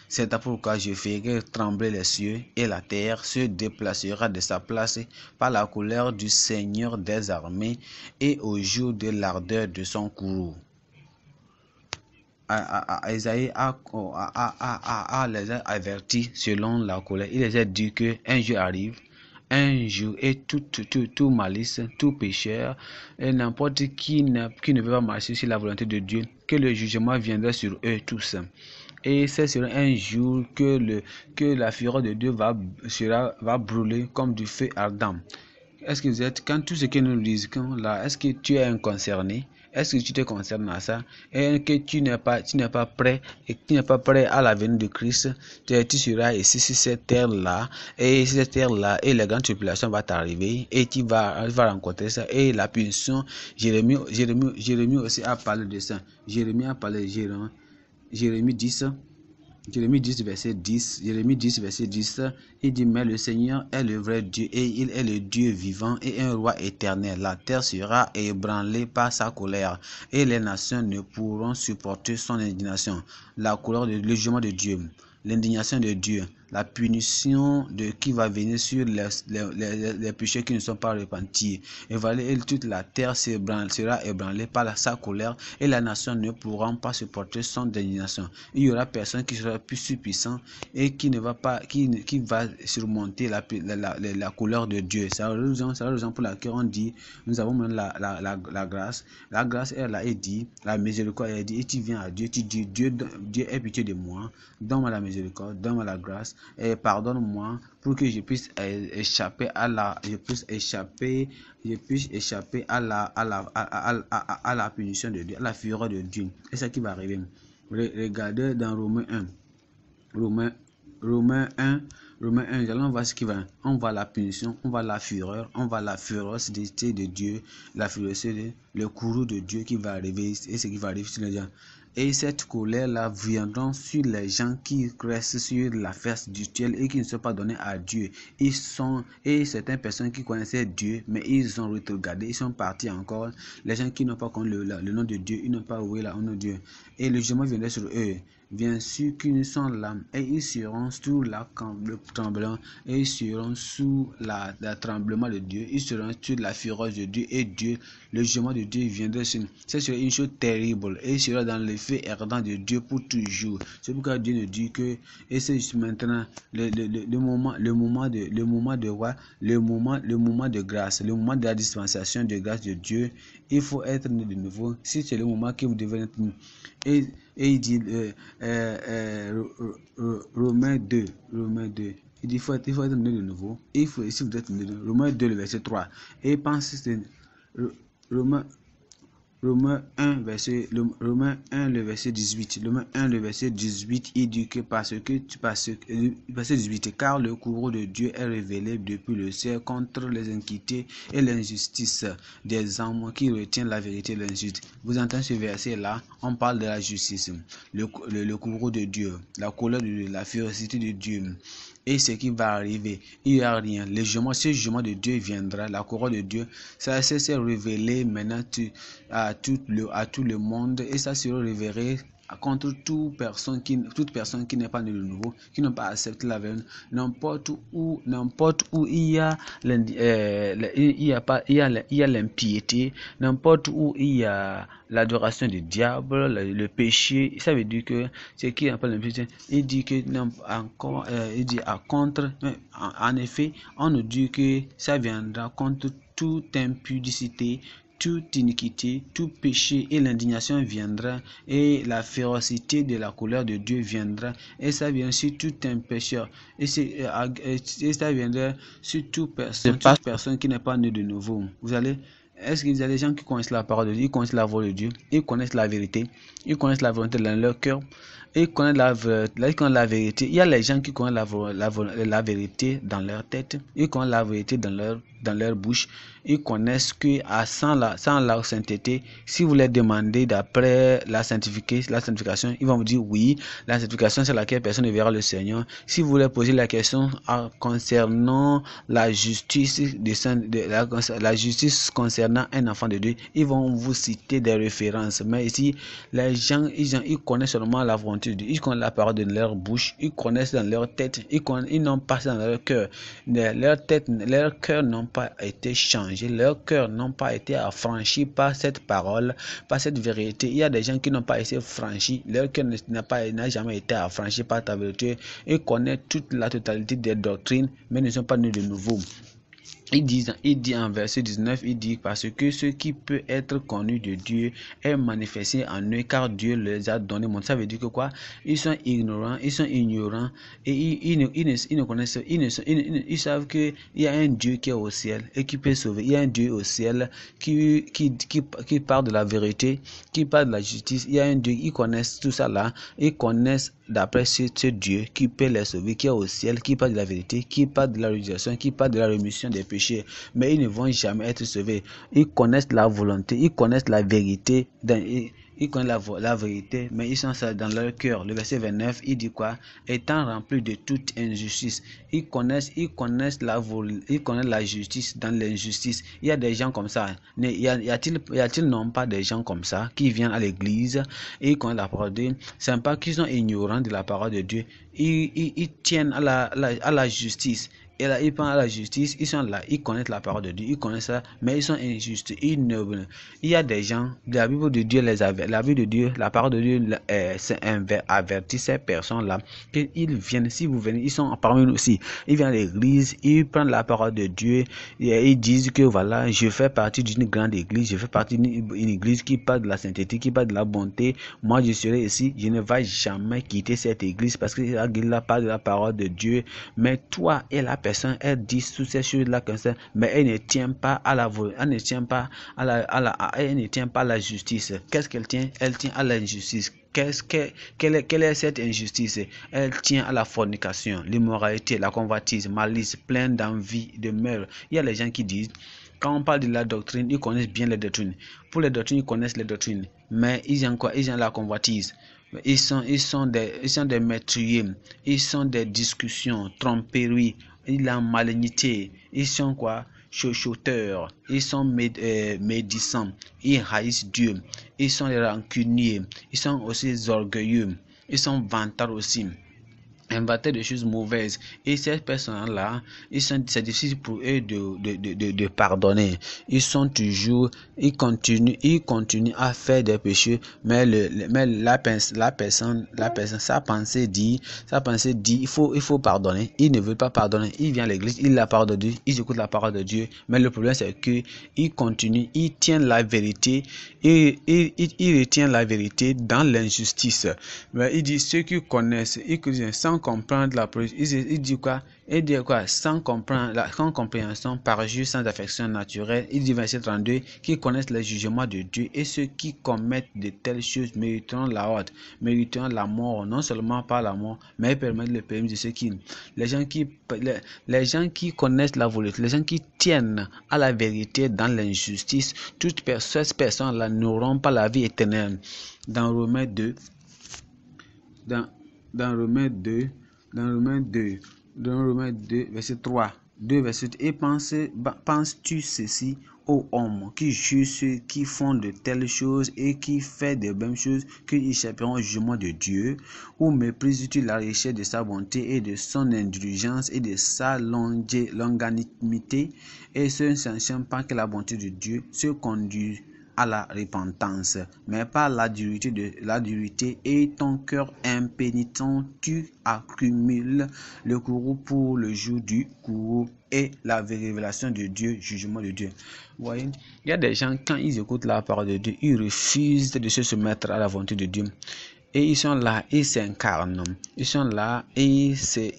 C'est pourquoi je ferai trembler les cieux et la terre se déplacera de sa place par la colère du Seigneur des armées et au jour de l'ardeur de son courroux. Isaïe ah, ah, ah, a, a, a, a, les a avertis selon la colère. Il les a dit que un jour arrive, un jour, et tout, tout, tout malice, tout pécheur, et n'importe qui, qui ne veut pas marcher sur la volonté de Dieu, que le jugement viendra sur eux tous et c'est sur un jour que, le, que la fureur de Dieu va, sera, va brûler comme du feu ardent. Est-ce que vous êtes, quand tout ce que nous disons là, est-ce que tu es un concerné Est-ce que tu te concernes à ça Et que tu n'es pas, tu n'es pas prêt, et tu n'es pas prêt à la venue de Christ, tu, seras ici sur cette terre-là, et cette terre-là, et la grande tribulation va t'arriver, et tu vas, rencontrer ça, et la punition, Jérémie, Jérémie, Jérémie aussi a parlé de ça. Jérémie a parlé de Jérémie. Jérémie 10, verset 10, Jérémie 10, verset il dit, mais le Seigneur est le vrai Dieu et il est le Dieu vivant et un roi éternel. La terre sera ébranlée par sa colère et les nations ne pourront supporter son indignation. La colère, le jugement de Dieu, l'indignation de Dieu, la punition de qui va venir sur les, les, les péchés qui ne sont pas repentis. Et toute la terre sera ébranlée par sa colère et la nation ne pourra pas supporter son indignation. Il y aura personne qui sera plus puissant et qui ne va pas, qui, qui va surmonter la, la, la, colère de Dieu. C'est la raison, pour laquelle on dit, nous avons même la, la, grâce. La grâce, elle a dit, la miséricorde, elle a dit, et tu viens à Dieu, tu dis, Dieu, Dieu, est pitié de moi, donne-moi la miséricorde, donne-moi la grâce et pardonne-moi pour que je puisse euh, échapper à la, je puisse échapper, je puisse échapper à la, à la, à, la punition de Dieu, à la fureur de Dieu. Et ça qui va arriver. Regardez dans Romains 1. Romains, Romains 1. Romains 1, allons voir ce qui va. On voit la punition, on voit la fureur, on voit la férocité de Dieu, la fureur, le courroux de Dieu qui va arriver et ce qui va arriver c'est les et cette colère-là viendront sur les gens qui croissent sur la face du ciel et qui ne sont pas donnés à Dieu. Ils sont, et certaines personnes qui connaissaient Dieu, mais ils ont regardé, ils sont partis encore. Les gens qui n'ont pas connu le, nom de Dieu, ils n'ont pas oué la honneur de Dieu. Et le jugement viendra sur eux. Bien sûr qu'ils sont l'âme et ils seront sous la le tremblant, et ils seront sous la, la tremblement de Dieu, ils seront sous la fureur de Dieu, et Dieu le jugement de Dieu viendra sur C'est une chose terrible et il sera dans les feux ardents de Dieu pour toujours. C'est pourquoi Dieu nous dit que, et c'est maintenant le, le, le, moment, le moment de, le moment de voir, le moment, le moment de grâce, le moment de la dispensation de grâce de Dieu. Il faut être né de nouveau. Si c'est le moment que vous devez être né. Et, et il dit, euh, euh, euh Romains 2, Romains il dit, il faut, être, il né de nouveau. Il faut, si vous êtes né de nouveau, Romains 2, le verset 3. Et pensez, Romains, Romains 1, verset, le, Romains 1, le verset 18. Romains 1, le verset 18, il dit que parce que tu euh, verset 18, car le courroux de Dieu est révélé depuis le ciel contre les iniquités et l'injustice des hommes qui retiennent la vérité et l'injuste. Vous entendez ce verset-là, on parle de la justice, le, le, courroux de Dieu, la colère de la férocité de Dieu et ce qui va arriver. Il n'y a rien. Le jugement, ce jugement de Dieu viendra, la couronne de Dieu, ça s'est révélé maintenant à tout, le, à tout le monde et ça se révélé contre toute personne qui, toute personne qui n'est pas de nouveau, qui n'a pas accepté la veine n'importe où, n'importe où il y a, euh, il y a pas, il l'impiété, n'importe où il y a l'adoration du diable, le, péché, ça veut dire que ce qui appelle l'impiété, il dit que non, encore, euh, il dit à contre, en effet, on nous dit que ça viendra contre toute impudicité, toute iniquité, tout péché et l'indignation viendra et la férocité de la colère de Dieu viendra et ça vient sur tout un pécheur et, euh, ça viendra sur toute personne, toute personne qui n'est pas née de nouveau. Vous allez est-ce qu'il y a des gens qui connaissent la parole de Dieu, ils connaissent la voix de Dieu, ils connaissent la vérité, ils connaissent la volonté dans leur cœur ils connaissent la, la, vérité. Il y a les gens qui connaissent la, la, vérité dans leur tête, ils connaissent la vérité dans leur, dans leur bouche, ils connaissent que à, sans, la, sans la sainteté, si vous les demandez d'après la, la sanctification, ils vont vous dire oui, la sanctification c'est laquelle personne ne verra le Seigneur. Si vous leur posez la question ah, concernant la justice, de, de la, la justice concernant un enfant de Dieu, ils vont vous citer des références. Mais ici, les gens, ils, ils connaissent seulement la volonté ils connaissent la parole de leur bouche, ils connaissent dans leur tête, ils, n'ont pas dans leur cœur. Leur tête, leur cœur n'ont pas été changés, leur cœur n'ont pas été affranchis par cette parole, par cette vérité. Il y a des gens qui n'ont pas été franchis, leur cœur n'a jamais été affranchi par ta vérité. Ils connaissent toute la totalité des doctrines, mais ne sont pas nés de nouveau. Il dit, en verset 19, il dit parce que ce qui peut être connu de Dieu est manifesté en eux car Dieu les a donné. Ça veut dire que quoi Ils sont ignorants, ils sont ignorants et ils, ne, connaissent, ils, savent qu'il y a un Dieu qui est au ciel et qui peut sauver. Il y a un Dieu au ciel qui, qui parle de la vérité, qui parle de la justice. Il y a un Dieu, ils connaissent tout ça là, ils connaissent d'après ce, Dieu qui peut les sauver, qui est au ciel, qui parle de la vérité, qui parle de la réalisation, qui parle de la remission des péchés. Mais ils ne vont jamais être sauvés. Ils connaissent la volonté, ils connaissent la vérité. Dans, ils connaissent la, vérité, mais ils sont ça dans leur cœur. Le verset 29, il dit quoi Étant remplis de toute injustice, ils connaissent, ils connaissent, la, ils connaissent la justice dans l'injustice. Il y a des gens comme ça. Hein. Y a-t-il non pas des gens comme ça qui viennent à l'église et ils connaissent la parole de Dieu C'est pas qu'ils sont ignorants de la parole de Dieu. Ils, ils, ils tiennent à la, à la justice et là, ils parlent à la justice, ils sont là, ils connaissent la parole de Dieu, ils connaissent ça, mais ils sont injustes, ignobles. Il y a des gens, la Bible de Dieu les avertit, la Bible de Dieu, la parole de Dieu euh, avertit ces personnes-là qu'ils viennent, si vous venez, ils sont parmi nous aussi. Ils viennent à l'église, ils prennent la parole de Dieu et ils disent que voilà, je fais partie d'une grande église, je fais partie d'une église qui parle de la sainteté, qui parle de la bonté. Moi, je serai ici, je ne vais jamais quitter cette église parce que n'a pas parle de la parole de Dieu. Mais toi et la personne, elle dit toutes ces choses-là mais elle ne tient pas à la elle ne tient pas à la, à elle ne tient pas la justice. Qu'est-ce qu'elle tient Elle tient à l'injustice. Qu'est-ce que, quelle, est, cette injustice Elle tient à la fornication, l'immoralité, la convoitise, malice, pleine d'envie, de meurtre. Il y a les gens qui disent quand on parle de la doctrine, ils connaissent bien les doctrines. Pour les doctrines, ils connaissent les doctrines. Mais ils ont quoi Ils ont la convoitise. Ils sont, ils sont des, ils sont des meurtriers. Ils sont des discussions, tromperies, ils ont malignité, ils sont quoi Chuchoteurs, ils sont méd euh, ils haïssent Dieu, ils sont rancuniers, ils sont aussi orgueilleux, ils sont vantards aussi inventer des choses mauvaises. Et ces personnes-là, ils sont, c'est difficile pour eux de, de, de, de, pardonner. Ils sont toujours, ils continuent, ils continuent à faire des péchés, mais le, mais la, la personne, la personne, sa pensée dit, sa pensée dit, il faut, il faut pardonner. Il ne veut pas pardonner. Il vient à l'église, il la parole de Dieu, il écoute la parole de Dieu. Mais le problème, c'est que il continue, il tient la vérité, et il, retient la vérité dans l'injustice. Mais il dit, ceux qui connaissent, ils connaissent comprendre la il, dit quoi Il dit quoi Sans comprendre la compréhension par juste, sans affection naturelle. Il dit verset 32 qui connaissent les jugements de Dieu et ceux qui commettent de telles choses mériteront la honte, mériteront la mort, non seulement par la mort, mais permettent le permis de ceux qui les gens qui les, gens qui connaissent la volonté, les gens qui tiennent à la vérité dans l'injustice, toutes ces personnes là n'auront pas la vie éternelle. Dans Romains 2 dans dans Romains 2, dans Romains 2, dans Romains 2, verset 3, 2, verset 8, et penses-tu ceci, ô homme, qui juge ceux qui font de telles choses et qui fait des mêmes choses, qu'ils échapperont au jugement de Dieu, ou méprises-tu la richesse de sa bonté et de son indulgence et de sa longanimité, et ce ne sachant pas que la bonté de Dieu se conduit à la repentance, mais par la durité, de, la durité et ton cœur impénitent, tu accumules le courroux pour le jour du courroux et la révélation de Dieu, jugement de Dieu. voyez, il y a des gens, quand ils écoutent la parole de Dieu, ils refusent de se soumettre à la volonté de Dieu. Et ils sont là, ils s'incarnent. Ils sont là et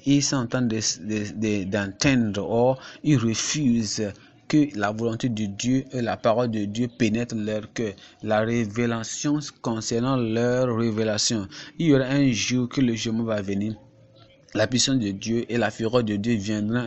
ils s'entendent d'entendre, or ils refusent que la volonté de Dieu et la parole de Dieu pénètrent leur cœur. La révélation concernant leur révélation. Il y aura un jour que le jour va venir. La puissance de Dieu et la fureur de Dieu viendront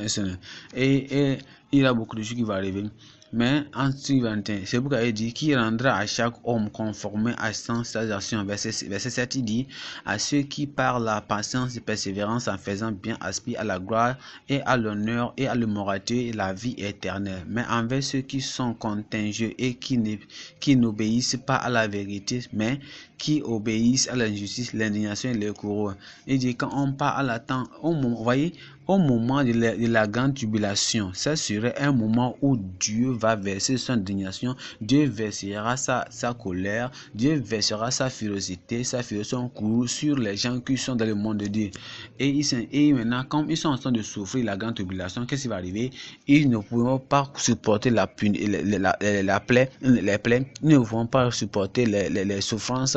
et, et il y a beaucoup de choses qui vont arriver. Mais en suivant, c'est pourquoi il dit qui rendra à chaque homme conformé à son sa Verset, verset 7, il dit à ceux qui par la patience et persévérance en faisant bien aspirent à la gloire et à l'honneur et à l'humorité et la vie éternelle. Mais envers ceux qui sont contingents et qui n'obéissent pas à la vérité, mais qui obéissent à justice l'indignation et le courroux. et dit quand on part à l'attent, on voyez, au moment de la, grande tribulation, ça serait un moment où Dieu va verser son indignation, Dieu versera sa, sa colère, Dieu versera sa férocité, sa férocité, son courroux sur les gens qui sont dans le monde de Dieu. Et, ils, et maintenant, comme ils sont en train de souffrir la grande tribulation, qu'est-ce qui va arriver Ils ne pourront pas supporter la, la, la, la plaie, les plaies, ne pourront pas supporter les, les, les souffrances,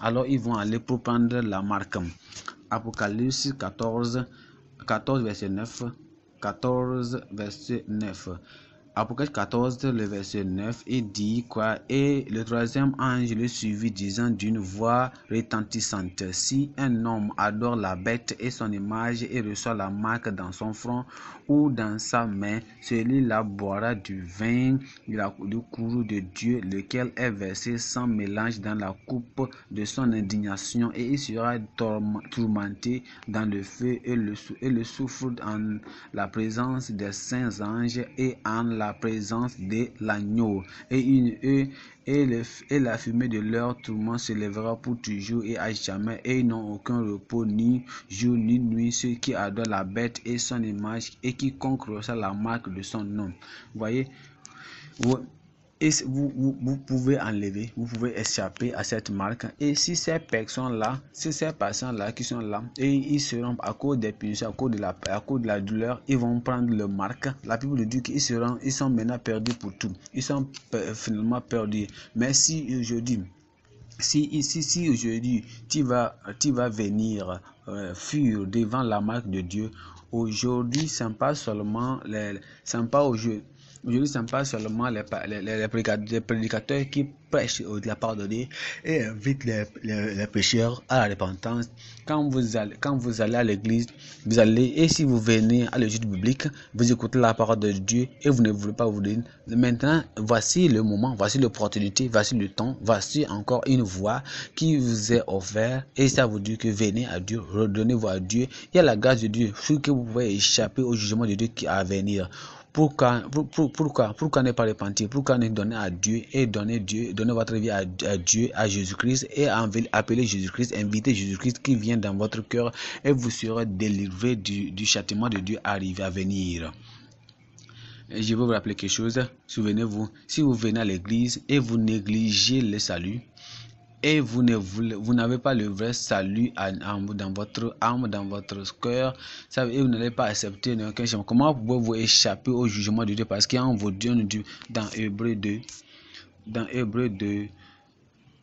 alors ils vont aller pour prendre la marque. Apocalypse 14, 14 verset 9. 14 verset 9. Apocalypse 14, le verset 9, il dit quoi Et le troisième ange le suivit, disant d'une voix retentissante Si un homme adore la bête et son image et reçoit la marque dans son front ou dans sa main, celui-là boira du vin du courroux de Dieu, lequel est versé sans mélange dans la coupe de son indignation, et il sera tourmenté dans le feu et le, et souffre en la présence des saints anges et en la présence de l'agneau. Et, une, et, la fumée de leur tourment se lèvera pour toujours et à jamais, et ils n'ont aucun repos, ni jour, ni nuit, ceux qui adorent la bête et son image, et quiconque à la marque de son nom. Vous voyez vous, vous, pouvez enlever, vous pouvez échapper à cette marque. Et si ces personnes-là, si ces patients-là qui sont là, et ils seront à cause des punitions, à cause de la, à cause de la douleur, ils vont prendre le marque. La Bible dit qu'ils seront, ils sont maintenant perdus pour tout. Ils sont euh, finalement perdus. Mais si je dis, si ici, si, si aujourd'hui tu vas, tu vas venir euh, fuir devant la marque de Dieu, Aujourd'hui, ce pas seulement les, pas au jeu, je ne n'est pas seulement les, les, les, prédicateurs qui prêchent euh, de la pardonner et invitent les, les, pécheurs à la repentance. Quand vous allez, quand vous allez à l'église, vous allez, et si vous venez à l'église publique vous écoutez la parole de Dieu et vous ne voulez pas vous dire, maintenant, voici le moment, voici l'opportunité, voici le temps, voici encore une voie qui vous est offerte et ça vous dit que venez à Dieu, redonnez-vous à Dieu. Il y a la grâce de Dieu, que vous pouvez échapper au jugement de Dieu qui est à venir. Pourquoi, pourquoi ne pas repentir pourquoi ne donner à Dieu et donner Dieu donner votre vie à, Dieu à Jésus Christ et appeler Jésus Christ inviter Jésus Christ qui vient dans votre cœur et vous serez délivré du, châtiment de Dieu arrivé à venir je veux vous rappeler quelque chose souvenez-vous si vous venez à l'église et vous négligez le salut et vous ne vous n'avez pas le vrai salut dans votre âme, dans votre cœur, et vous n'allez pas accepter aucun jugement. Comment pouvez-vous échapper au jugement de Dieu Parce qu'il vos vous nous dit dans Hébreu 2, dans Hébreu 2,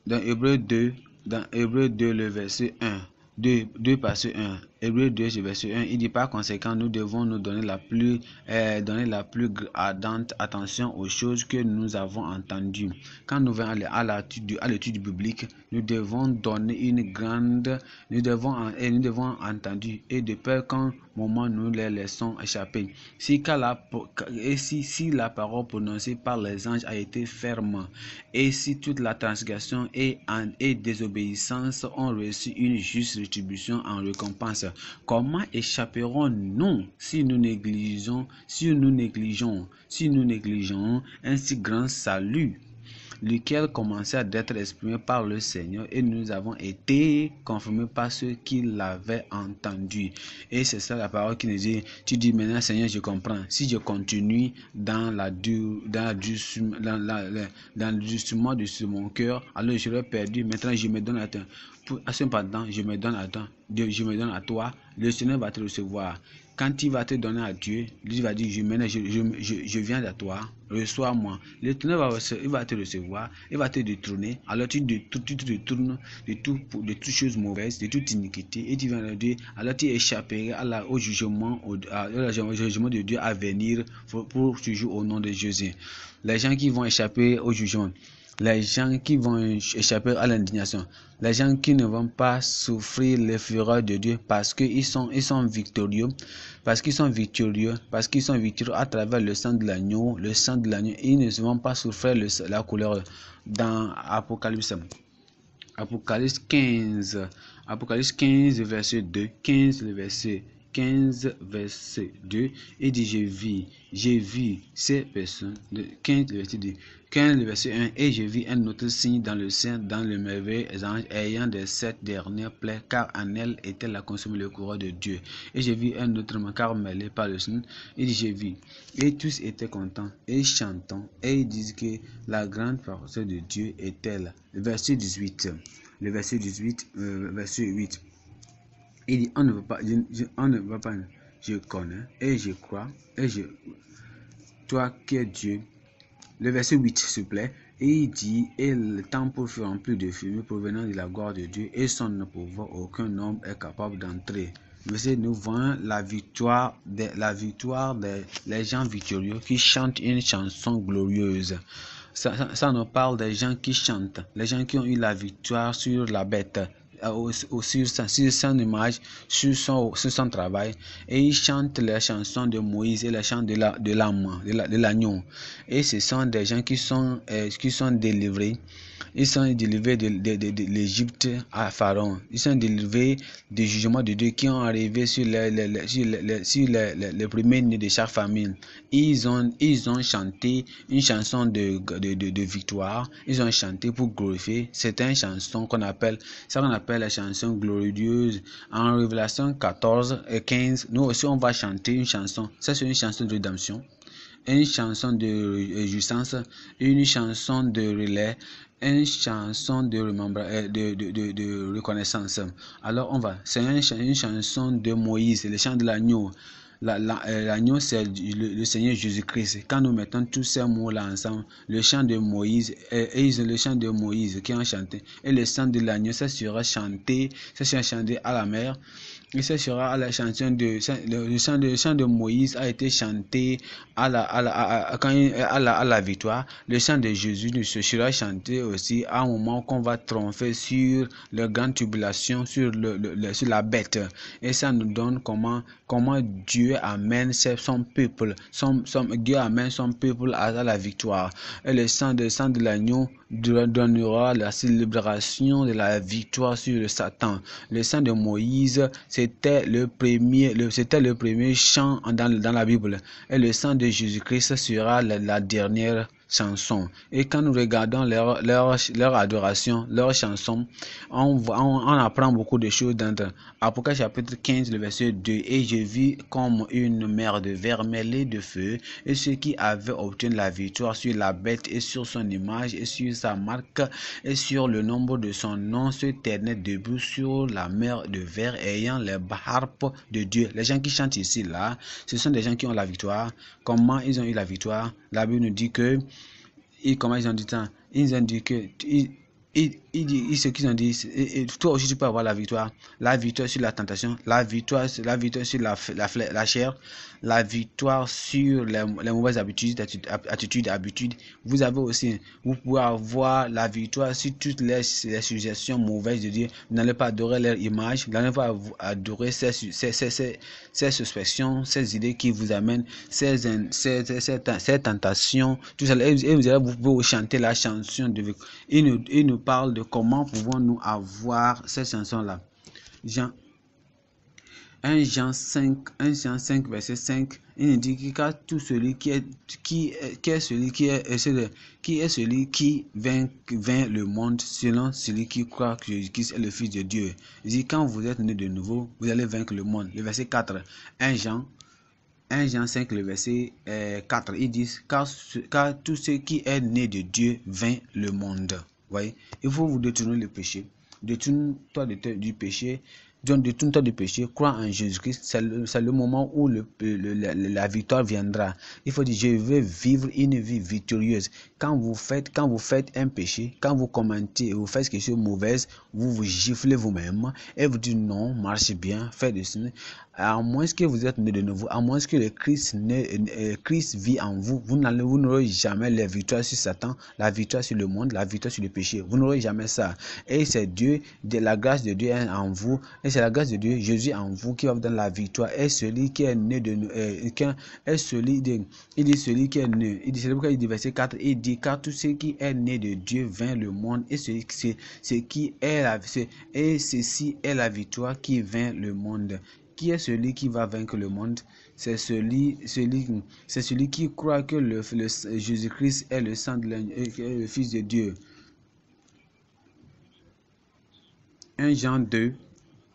dans Hébreu 2, dans Hébreu 2, le verset 1, 2, 2 1, Hébreu 2, verset 1, il dit par conséquent, nous devons nous donner la plus, euh, donner la plus ardente attention aux choses que nous avons entendues. Quand nous venons à l'étude biblique, nous devons donner une grande, nous devons, et nous devons entendre et de peur qu'un moment nous les laissons échapper. Si, si la parole prononcée par les anges a été ferme, et si toute la transgression et, et désobéissance ont reçu une juste rétribution en récompense, Comment échapperons-nous si nous négligeons, si nous négligeons, si nous négligeons un si grand salut lequel commençait être exprimé par le Seigneur et nous avons été confirmés par ceux qui l'avaient entendu. Et c'est ça la parole qui nous dit, tu dis maintenant Seigneur, je comprends. Si je continue dans la du, dans justement de mon cœur, alors je serai perdu. Maintenant, je me donne à toi. à ce je me donne à toi. Je me donne à toi. Le Seigneur va te recevoir. Quand il va te donner à Dieu, lui va dire, je, je, je, viens à toi, reçois-moi. L'éternel va, va te recevoir, il va te détourner, Alors tu, te détournes de, tout, de toutes choses mauvaises, de toute iniquité, et tu viens à Dieu. Alors tu échapperas à au, jugement, au, à, au jugement de Dieu à venir pour, pour toujours au nom de Jésus. Les gens qui vont échapper au jugement les gens qui vont échapper à l'indignation, les gens qui ne vont pas souffrir les fureurs de Dieu parce qu'ils sont, ils sont victorieux, parce qu'ils sont victorieux, parce qu'ils sont victorieux à travers le sang de l'agneau, le sang de l'agneau, ils ne vont pas souffrir la couleur dans Apocalypse. Apocalypse 15, Apocalypse 15, verset 2, 15, le verset 15, verset 2, il dit Je vis, j'ai vu ces personnes. De 15, verset 2. 15, verset 1, et je vis un autre signe dans le sein, dans le merveilleux ange, ayant de cette dernière plaie, car en elle était la consommée le courant de Dieu. Et je vis un autre car mêlé par le son. Il dit Je vis. Et tous étaient contents et chantant, et ils disent que la grande force de Dieu est elle Verset 18. Le verset 18, euh, verset 8. Il dit, on ne va pas, je, on ne pas, je connais et je crois et je, toi qui es Dieu. Le verset 8, s'il te plaît. Et il dit, et le temple fut plus de fumée provenant de la gloire de Dieu et son ne pouvoir aucun homme est capable d'entrer. Verset nous voyons hein, la victoire, de, la victoire des les gens victorieux qui chantent une chanson glorieuse. Ça, ça, ça, nous parle des gens qui chantent, les gens qui ont eu la victoire sur la bête, euh, sur, sur, son image, sur son, son travail. Et il chante les chansons de Moïse et les chants de La, de de l'agneau. et ce sont des gens qui sont, euh, qui sont délivrés ils sont délivrés de, de, l'Égypte à Pharaon. Ils sont délivrés du jugement de Dieu qui ont arrivé sur les, sur premiers nés de chaque famille. Ils ont, chanté une chanson de, victoire. Ils ont chanté pour glorifier. C'est une chanson qu'on appelle, ça qu'on appelle la chanson glorieuse. En Révélation 14 et 15, nous aussi on va chanter une chanson. Ça c'est une chanson de rédemption une chanson de réjouissance, une chanson de relais, une chanson euh, de, de, de, de reconnaissance. Alors on va, c'est une, chanson de Moïse, le chant de l'agneau. Euh, l'agneau, la, c'est le, Seigneur Jésus-Christ. Quand nous mettons tous ces mots-là ensemble, le chant de Moïse, et, euh, le chant de Moïse qui est chanté, et le chant de l'agneau, ça sera chanté, ça sera chanté à la mer ce sera à la chanson de le chant de, de Moïse a été chanté à la, à la, à, quand, à la, à la victoire. Le chant de Jésus nous sera chanté aussi à un moment qu'on va tromper sur la grande tribulation, sur, le, sur la bête. Et ça nous donne comment, comment Dieu amène son peuple, son, Dieu amène son peuple à, la victoire. Et le sang de, sang de l'agneau donnera la célébration de la victoire sur le Satan. Le sang de Moïse, c'était le premier, c'était le premier chant dans, la Bible. Et le sang de Jésus-Christ sera la dernière chansons. Et quand nous regardons leur, leur, leur adoration, leurs chansons, on, on, apprend beaucoup de choses dans Apocalypse chapitre 15, le verset 2. Et je vis comme une mer de mêlée de feu, et ceux qui avaient obtenu la victoire sur la bête et sur son image et sur sa marque et sur le nombre de son nom se tenaient debout sur la mer de verre ayant les harpes de Dieu. Les gens qui chantent ici, là, ce sont des gens qui ont la victoire. Comment ils ont eu la victoire La Bible nous dit que et comment ils ont du temps. Ils ont dit que, ils, ils, ce qu'ils ont dit, et, toi aussi tu peux avoir la victoire. La victoire sur la tentation, la victoire, la victoire sur la, la, la chair, la victoire sur les, mauvaises habitudes, attitudes, habitudes. Vous avez aussi, vous pouvez avoir la victoire sur toutes les, suggestions mauvaises de Dieu. Vous n'allez pas adorer leur image, vous n'allez pas adorer ces, ces, ces, suspicions, ces idées qui vous amènent, ces, tentations, Et, vous, allez, vous pouvez chanter la chanson de il nous, il nous parle de comment pouvons-nous avoir ces chansons-là. Jean 1 Jean 5, 1 Jean 5, verset 5, il indique qu'à tout celui qui est, qui, est celui qui est, euh, qui est celui qui vainc, le monde, selon celui qui croit que Jésus-Christ est le Fils de Dieu. Il dit quand vous êtes né de nouveau, vous allez vaincre le monde. Le verset 4, 1 Jean 1 Jean 5, le verset 4, euh, il dit car, car tout ce qui est né de Dieu vainc le monde. Voyez, il faut vous détourner le péché. Détourne-toi du péché tout un tas de péché, crois en Jésus-Christ. C'est le, le, moment où le, la, victoire viendra. Il faut dire, je veux vivre une vie victorieuse. Quand vous faites, quand vous faites un péché, quand vous commentez et vous faites quelque chose de mauvais, vous vous giflez vous-même et vous dites non, marche bien, fais de À moins que vous êtes né de nouveau, à moins que le Christ, euh, Christ vit en vous, vous n'aurez jamais la victoire sur Satan, la victoire sur le monde, la victoire sur le péché. Vous n'aurez jamais ça. Et c'est Dieu, de la grâce de Dieu en vous c'est la grâce de Dieu, Jésus en vous, qui va vous donner la victoire. Et celui qui est né de nous, euh, est celui il dit celui qui est né. Il dit, c'est pourquoi il dit verset 4, il dit, car tout ce qui est né de Dieu vint le monde. Et ce qui est la, et ceci est la victoire qui vint le monde. Qui est celui qui va vaincre le monde C'est celui, celui, c'est celui qui croit que le, Jésus-Christ est le sang de euh, le Fils de Dieu. 1 Jean 2,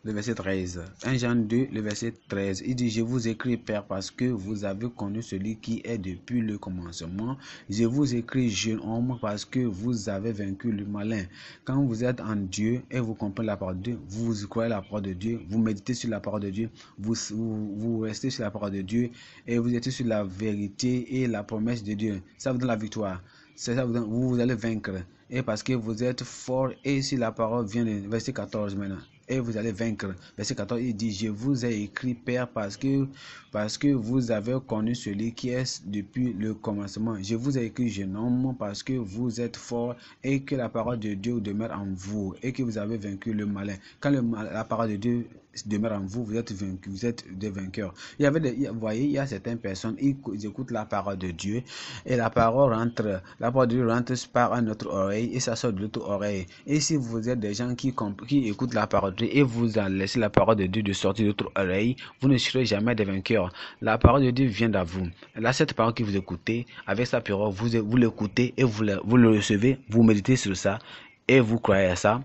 le verset 13. 1 Jean 2, le verset 13. Il dit, je vous écris, Père, parce que vous avez connu celui qui est depuis le commencement. Je vous écris, jeune homme, parce que vous avez vaincu le malin. Quand vous êtes en Dieu et vous comprenez la parole de Dieu, vous croyez la parole de Dieu, vous méditez sur la parole de Dieu, vous, vous, restez sur la parole de Dieu et vous êtes sur la vérité et la promesse de Dieu. Ça vous donne la victoire. C'est ça, vous, vous allez vaincre. Et parce que vous êtes fort et si la parole vient, verset 14 maintenant et vous allez vaincre. Verset 14, il dit, je vous ai écrit, Père, parce que parce que vous avez connu celui qui est depuis le commencement. Je vous ai écrit, je nomme parce que vous êtes fort et que la parole de Dieu demeure en vous et que vous avez vaincu le malin. Quand la parole de Dieu demeure en vous, vous êtes vaincu, vous êtes des vainqueurs. Il y avait vous voyez, il y a certaines personnes, qui écoutent la parole de Dieu et la parole rentre, la parole de Dieu rentre par notre oreille et ça sort de l'autre oreille. Et si vous êtes des gens qui, écoutent la parole de Dieu et vous laissez la parole de Dieu de sortir de l'autre oreille, vous ne serez jamais des vainqueurs. La parole de Dieu vient à vous. Là, cette parole que vous écoutez, avec sa parole, vous, l'écoutez et vous, vous le recevez, vous méditez sur ça et vous croyez à ça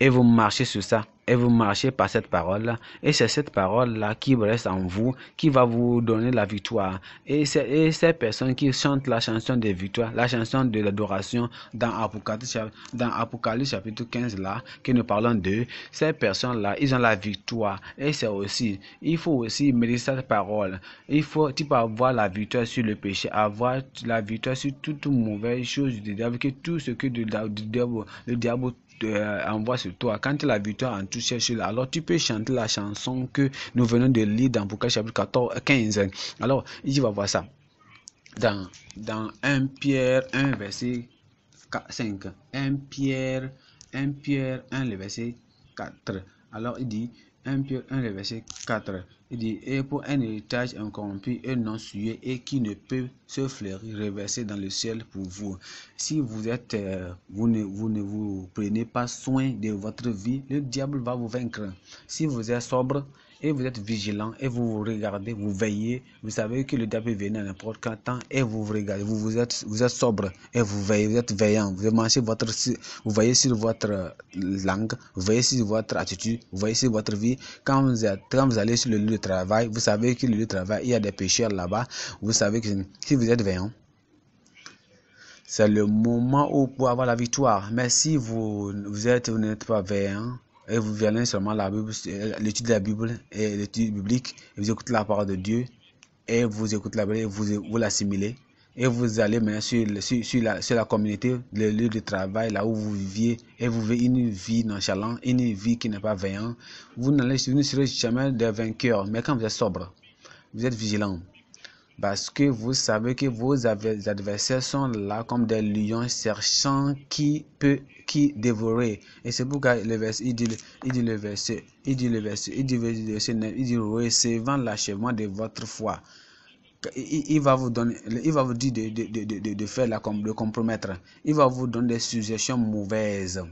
et vous marchez sur ça et vous marchez par cette parole. Et c'est cette parole-là qui reste en vous, qui va vous donner la victoire. Et, c'est ces personnes qui chantent la chanson de victoire, la chanson de l'adoration dans Apocalypse, dans Apocalypse chapitre 15, là, que nous parlons d'eux, ces personnes-là, ils ont la victoire. Et c'est aussi, il faut aussi méditer cette parole. Il faut, tu peux avoir la victoire sur le péché, avoir la victoire sur toute mauvaise chose du diable, que tout ce que le diable euh, envoie sur toi, quand la victoire en tout cherche alors tu peux chanter la chanson que nous venons de lire dans Bouka chapitre 14, 15. Alors, il va voir ça. Dans, dans 1 Pierre 1, verset 5. 1 Pierre 1 Pierre 1, le verset 4. Alors, il dit 1 Pierre 1, 4. Il dit Et pour un héritage incorrompu et non sué et qui ne peut se fleurir, reverser dans le ciel pour vous. Si vous êtes, euh, ne, vous ne vous prenez pas soin de votre vie, le diable va vous vaincre. Si vous êtes sobre, et vous êtes vigilant et vous vous regardez, vous veillez. Vous savez que le diable venir à n'importe quel temps et vous vous regardez, vous, vous, êtes, vous êtes sobre et vous veillez, vous êtes veillant. Vous mangez votre, vous veillez sur votre euh, langue, vous veillez sur votre attitude, vous veillez sur votre vie. Quand vous, êtes, quand vous allez sur le lieu de travail, vous savez que le lieu de travail, il y a des pécheurs là-bas. Vous savez que si vous êtes veillant, c'est le moment où pour avoir la victoire. Mais si vous, vous, êtes, vous n'êtes pas veillant, et vous venez seulement la Bible, euh, l'étude de la Bible et l'étude biblique. Et vous écoutez la parole de Dieu et vous écoutez la Bible et vous, vous l'assimilez. Et vous allez maintenant sur, sur, la, communauté, le lieu de travail, là où vous viviez, et vous vivez une vie nonchalante, une vie qui n'est pas veillante. Vous, vous ne serez jamais des vainqueurs, mais quand vous êtes sobre, vous êtes vigilant parce que vous savez que vos adversaires sont là comme des lions cherchant qui peut qui dévorer. Et c'est pourquoi le verset, il dit, le verset, il dit le verset, il dit le verset il dit recevant l'achèvement de votre foi. Il, va vous donner, il va vous dire de, de, de, de, de faire la de compromettre. Il va vous donner des suggestions mauvaises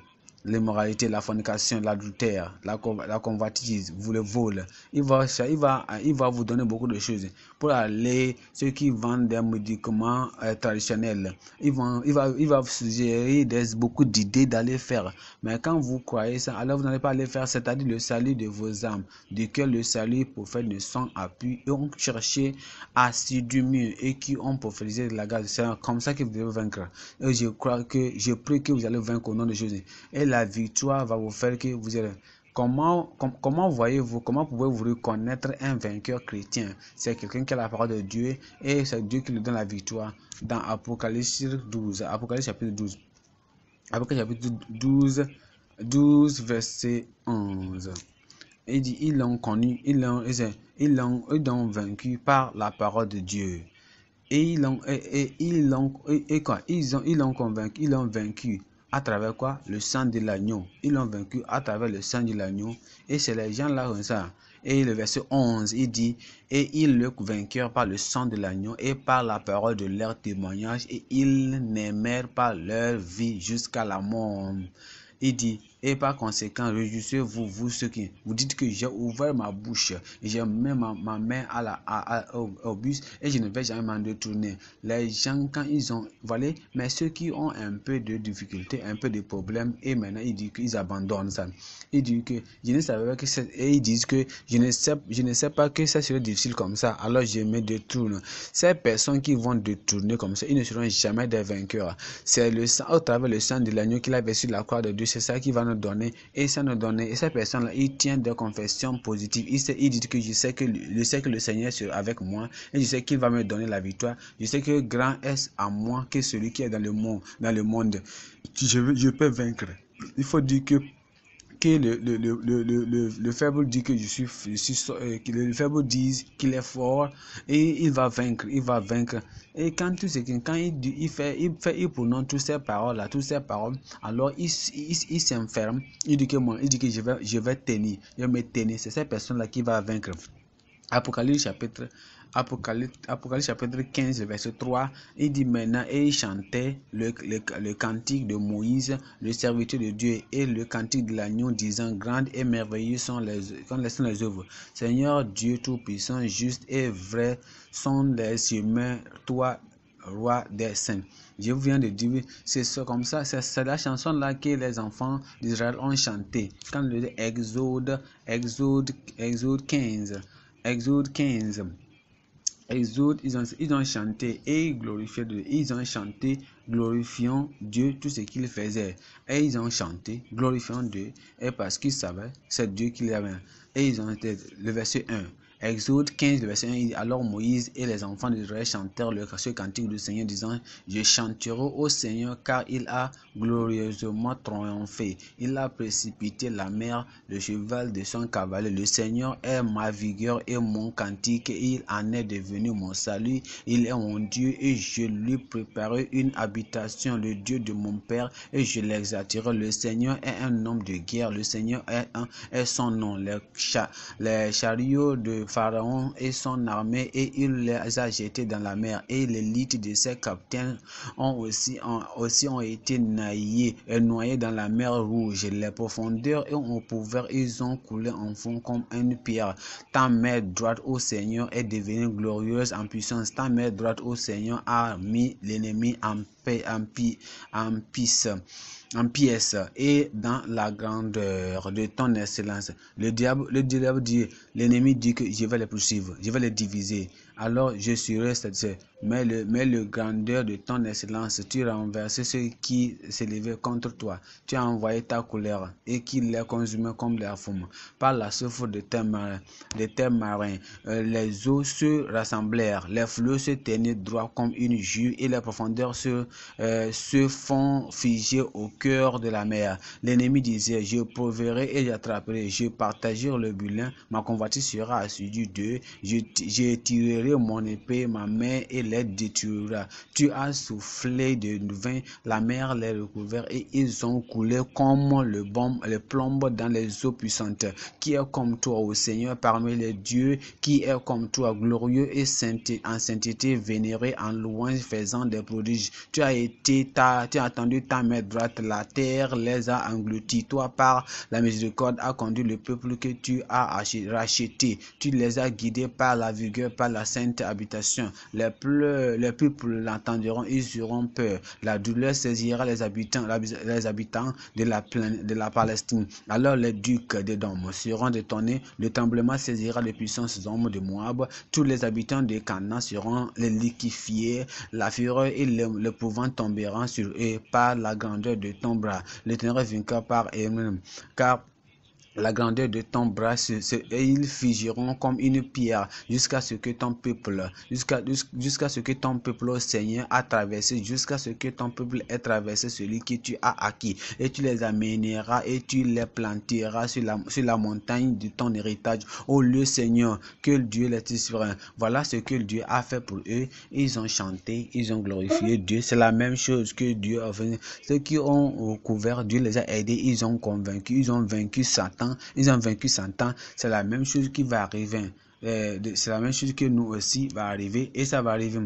l'immoralité, la fornication, l'adultère, la, la convoitise, vous le vol. Il va, il, va, il va vous donner beaucoup de choses pour aller, ceux qui vendent des médicaments euh, traditionnels, ils vont, il va, il va vous suggérer des, beaucoup d'idées d'aller faire. Mais quand vous croyez ça, alors vous n'allez pas aller faire, c'est-à-dire le salut de vos âmes, duquel le salut pour faire de sang appui, et ont cherché mieux, et qui ont prophétisé de la grâce. C'est comme ça que vous devez vaincre. Et je crois que, je prie que vous allez vaincre au nom de Jésus. Et la victoire va vous faire que vous allez Comment, comment voyez-vous, comment pouvez-vous reconnaître un vainqueur chrétien C'est quelqu'un qui a la parole de Dieu et c'est Dieu qui lui donne la victoire dans Apocalypse 12, Apocalypse chapitre 12. Apocalypse chapitre 12, 12 verset 11. Il dit, ils l'ont connu, ils l'ont, ils l'ont, vaincu par la parole de Dieu. Et ils l'ont, et, ils et, ils ont, ils l'ont convaincu, ils l'ont vaincu à travers quoi Le sang de l'agneau. Ils l'ont vaincu à travers le sang de l'agneau. Et c'est les gens là comme ça. Et le verset 11, il dit, et ils le convaincurent par le sang de l'agneau et par la parole de leur témoignage, et ils n'aimèrent pas leur vie jusqu'à la mort. Il dit, et par conséquent, réjouissez-vous, vous ceux qui vous dites que j'ai ouvert ma bouche, j'ai mis ma, main à la, au, bus et je ne vais jamais m'en détourner. Les gens, quand ils ont, volé, mais ceux qui ont un peu de difficulté, un peu de problème, et maintenant ils disent qu'ils abandonnent ça. Ils disent que je ne savais pas que et ils disent que je ne sais, je ne sais pas que ça serait difficile comme ça, alors je me détourne. Ces personnes qui vont détourner comme ça, ils ne seront jamais des vainqueurs. C'est le au travers le sang de l'agneau qu'il a versé la croix de Dieu, c'est ça qui va donner et ça nous donner et cette personne là il tient des confessions positives il, sait, dit que je sais que que le Seigneur est avec moi et je sais qu'il va me donner la victoire je sais que grand est à moi que celui qui est dans le monde dans le monde je, je peux vaincre il faut dire que le, le, le, le, faible dit que je suis, je suis euh, que le faible dit qu'il est fort et il va vaincre, il va vaincre. Et quand tout ce quand il, il fait, il fait, il prononce toutes ces paroles à toutes ces paroles, alors il, il, il s'enferme, il dit que moi, il dit que je vais, je vais tenir, je vais me tenir. C'est cette personne là qui va vaincre. Apocalypse chapitre Apocalypse, chapitre 15, verset 3, il dit maintenant, et il chantait le, le, le cantique de Moïse, le serviteur de Dieu, et le cantique de l'agneau, disant, grandes et merveilleuses sont les, sont les œuvres. Seigneur Dieu Tout-Puissant, juste et vrai sont les humains, toi, roi des saints. Je viens de dire, c'est ça, comme ça, c'est la chanson là que les enfants d'Israël ont chanté. Quand le Exode, Exode, Exode 15, Exode 15 ils ont, ils ont chanté et glorifié Dieu. Ils ont chanté glorifiant Dieu tout ce qu'ils faisaient. Et ils ont chanté glorifiant Dieu. Et parce qu'ils savaient, c'est Dieu qu'il avait. Et ils ont été, le verset 1. Exode 15, verset 1, alors Moïse et les enfants d'Israël chantèrent le cantique du Seigneur, disant Je chanterai au Seigneur, car il a glorieusement triomphé. Il a précipité la mer, le cheval de son cavalier. Le Seigneur est ma vigueur et mon cantique, et il en est devenu mon salut. Il est mon Dieu, et je lui préparerai une habitation, le Dieu de mon Père, et je l'exalterai. Le Seigneur est un homme de guerre, le Seigneur est, un, son nom. Les, les chariots de Pharaon et son armée et il les a jetés dans la mer. Et l'élite de ses capitaines ont aussi, ont, été naillés et euh, noyés dans la mer rouge. Les profondeurs et ont couvert, ils ont coulé en fond comme une pierre. Ta mère droite au Seigneur est devenue glorieuse en puissance. Ta mère droite au Seigneur a mis l'ennemi en paix, en, pi, en en pièces et dans la grandeur de ton excellence. Le diable, le diable dit, l'ennemi dit que je vais les poursuivre, je vais les diviser, alors je suis resté Mais le, mais le grandeur de ton excellence, tu renverses ceux qui s'élevaient contre toi. Tu as envoyé ta colère et qui les consumé comme la fumée. Par la souffle de tes marins, de marins euh, les eaux se rassemblèrent, les flots se tenaient droits comme une jupe et les profondeurs se, euh, se font figer au cœur de la mer. L'ennemi disait, je prouverai et j'attraperai, je partagerai le bullet ma convoitise sera assidue d'eux, je, je mon épée, ma main et les détruira. Tu as soufflé de vin, la mer les recouvert et ils ont coulé comme le, bombe, le plombe dans les eaux puissantes. Qui est comme toi, ô Seigneur, parmi les dieux, qui est comme toi, glorieux et saint, en sainteté, vénéré en loin faisant des prodiges. Tu as été, ta, tu as attendu ta main droite, la terre les a engloutis. Toi, par la miséricorde, a conduit le peuple que tu as racheté. Tu les as guidés par la vigueur, par la habitation. Les, pleurs, les peuples l'entendront, ils auront peur. La douleur saisira les habitants, les habitants de la, plaine, de la Palestine. Alors les ducs des dômes seront détournés, le tremblement saisira les puissances hommes de Moab. Tous les habitants de Canaan seront les liquifiés, la fureur et le pouvant tomberont sur eux par la grandeur de ton bras. L'Éternel vainqueur par eux-mêmes. Car la grandeur de ton bras et ils figeront comme une pierre jusqu'à ce que ton peuple, jusqu'à ce que ton peuple, oh Seigneur, a traversé, jusqu'à ce que ton peuple ait traversé celui que tu as acquis. Et tu les amèneras et tu les planteras sur la, sur la montagne de ton héritage. au oh, le Seigneur, que Dieu les un, Voilà ce que Dieu a fait pour eux. Ils ont chanté, ils ont glorifié Dieu. C'est la même chose que Dieu a fait. Ceux qui ont couvert, Dieu les a aidés, ils ont convaincu, ils ont vaincu Satan ils ont vaincu 100 ans. C'est la même chose qui va arriver. Euh, c'est la même chose que nous aussi va arriver et ça va arriver.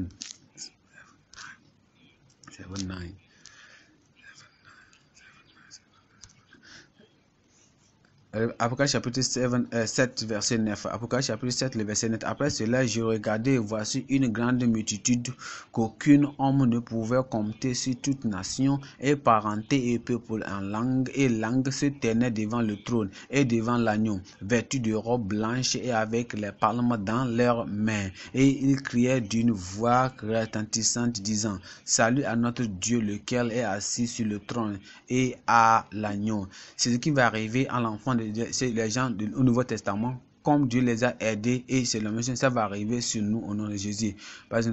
Euh, Apocalypse chapitre 7, euh, verset 9. Apocalypse chapitre 7, le verset Après cela, je regardais voici une grande multitude qu'aucun homme ne pouvait compter sur toute nation et parenté et peuple en langue et langue se tenait devant le trône et devant l'agneau, vêtus de robes blanches et avec les palmes dans leurs mains. Et ils criaient d'une voix retentissante disant, Salut à notre Dieu lequel est assis sur le trône et à l'agneau. C'est ce qui va arriver à l'enfant c'est les gens du, Nouveau Testament, comme Dieu les a aidés et c'est le même, ça va arriver sur nous au nom de Jésus. Parce que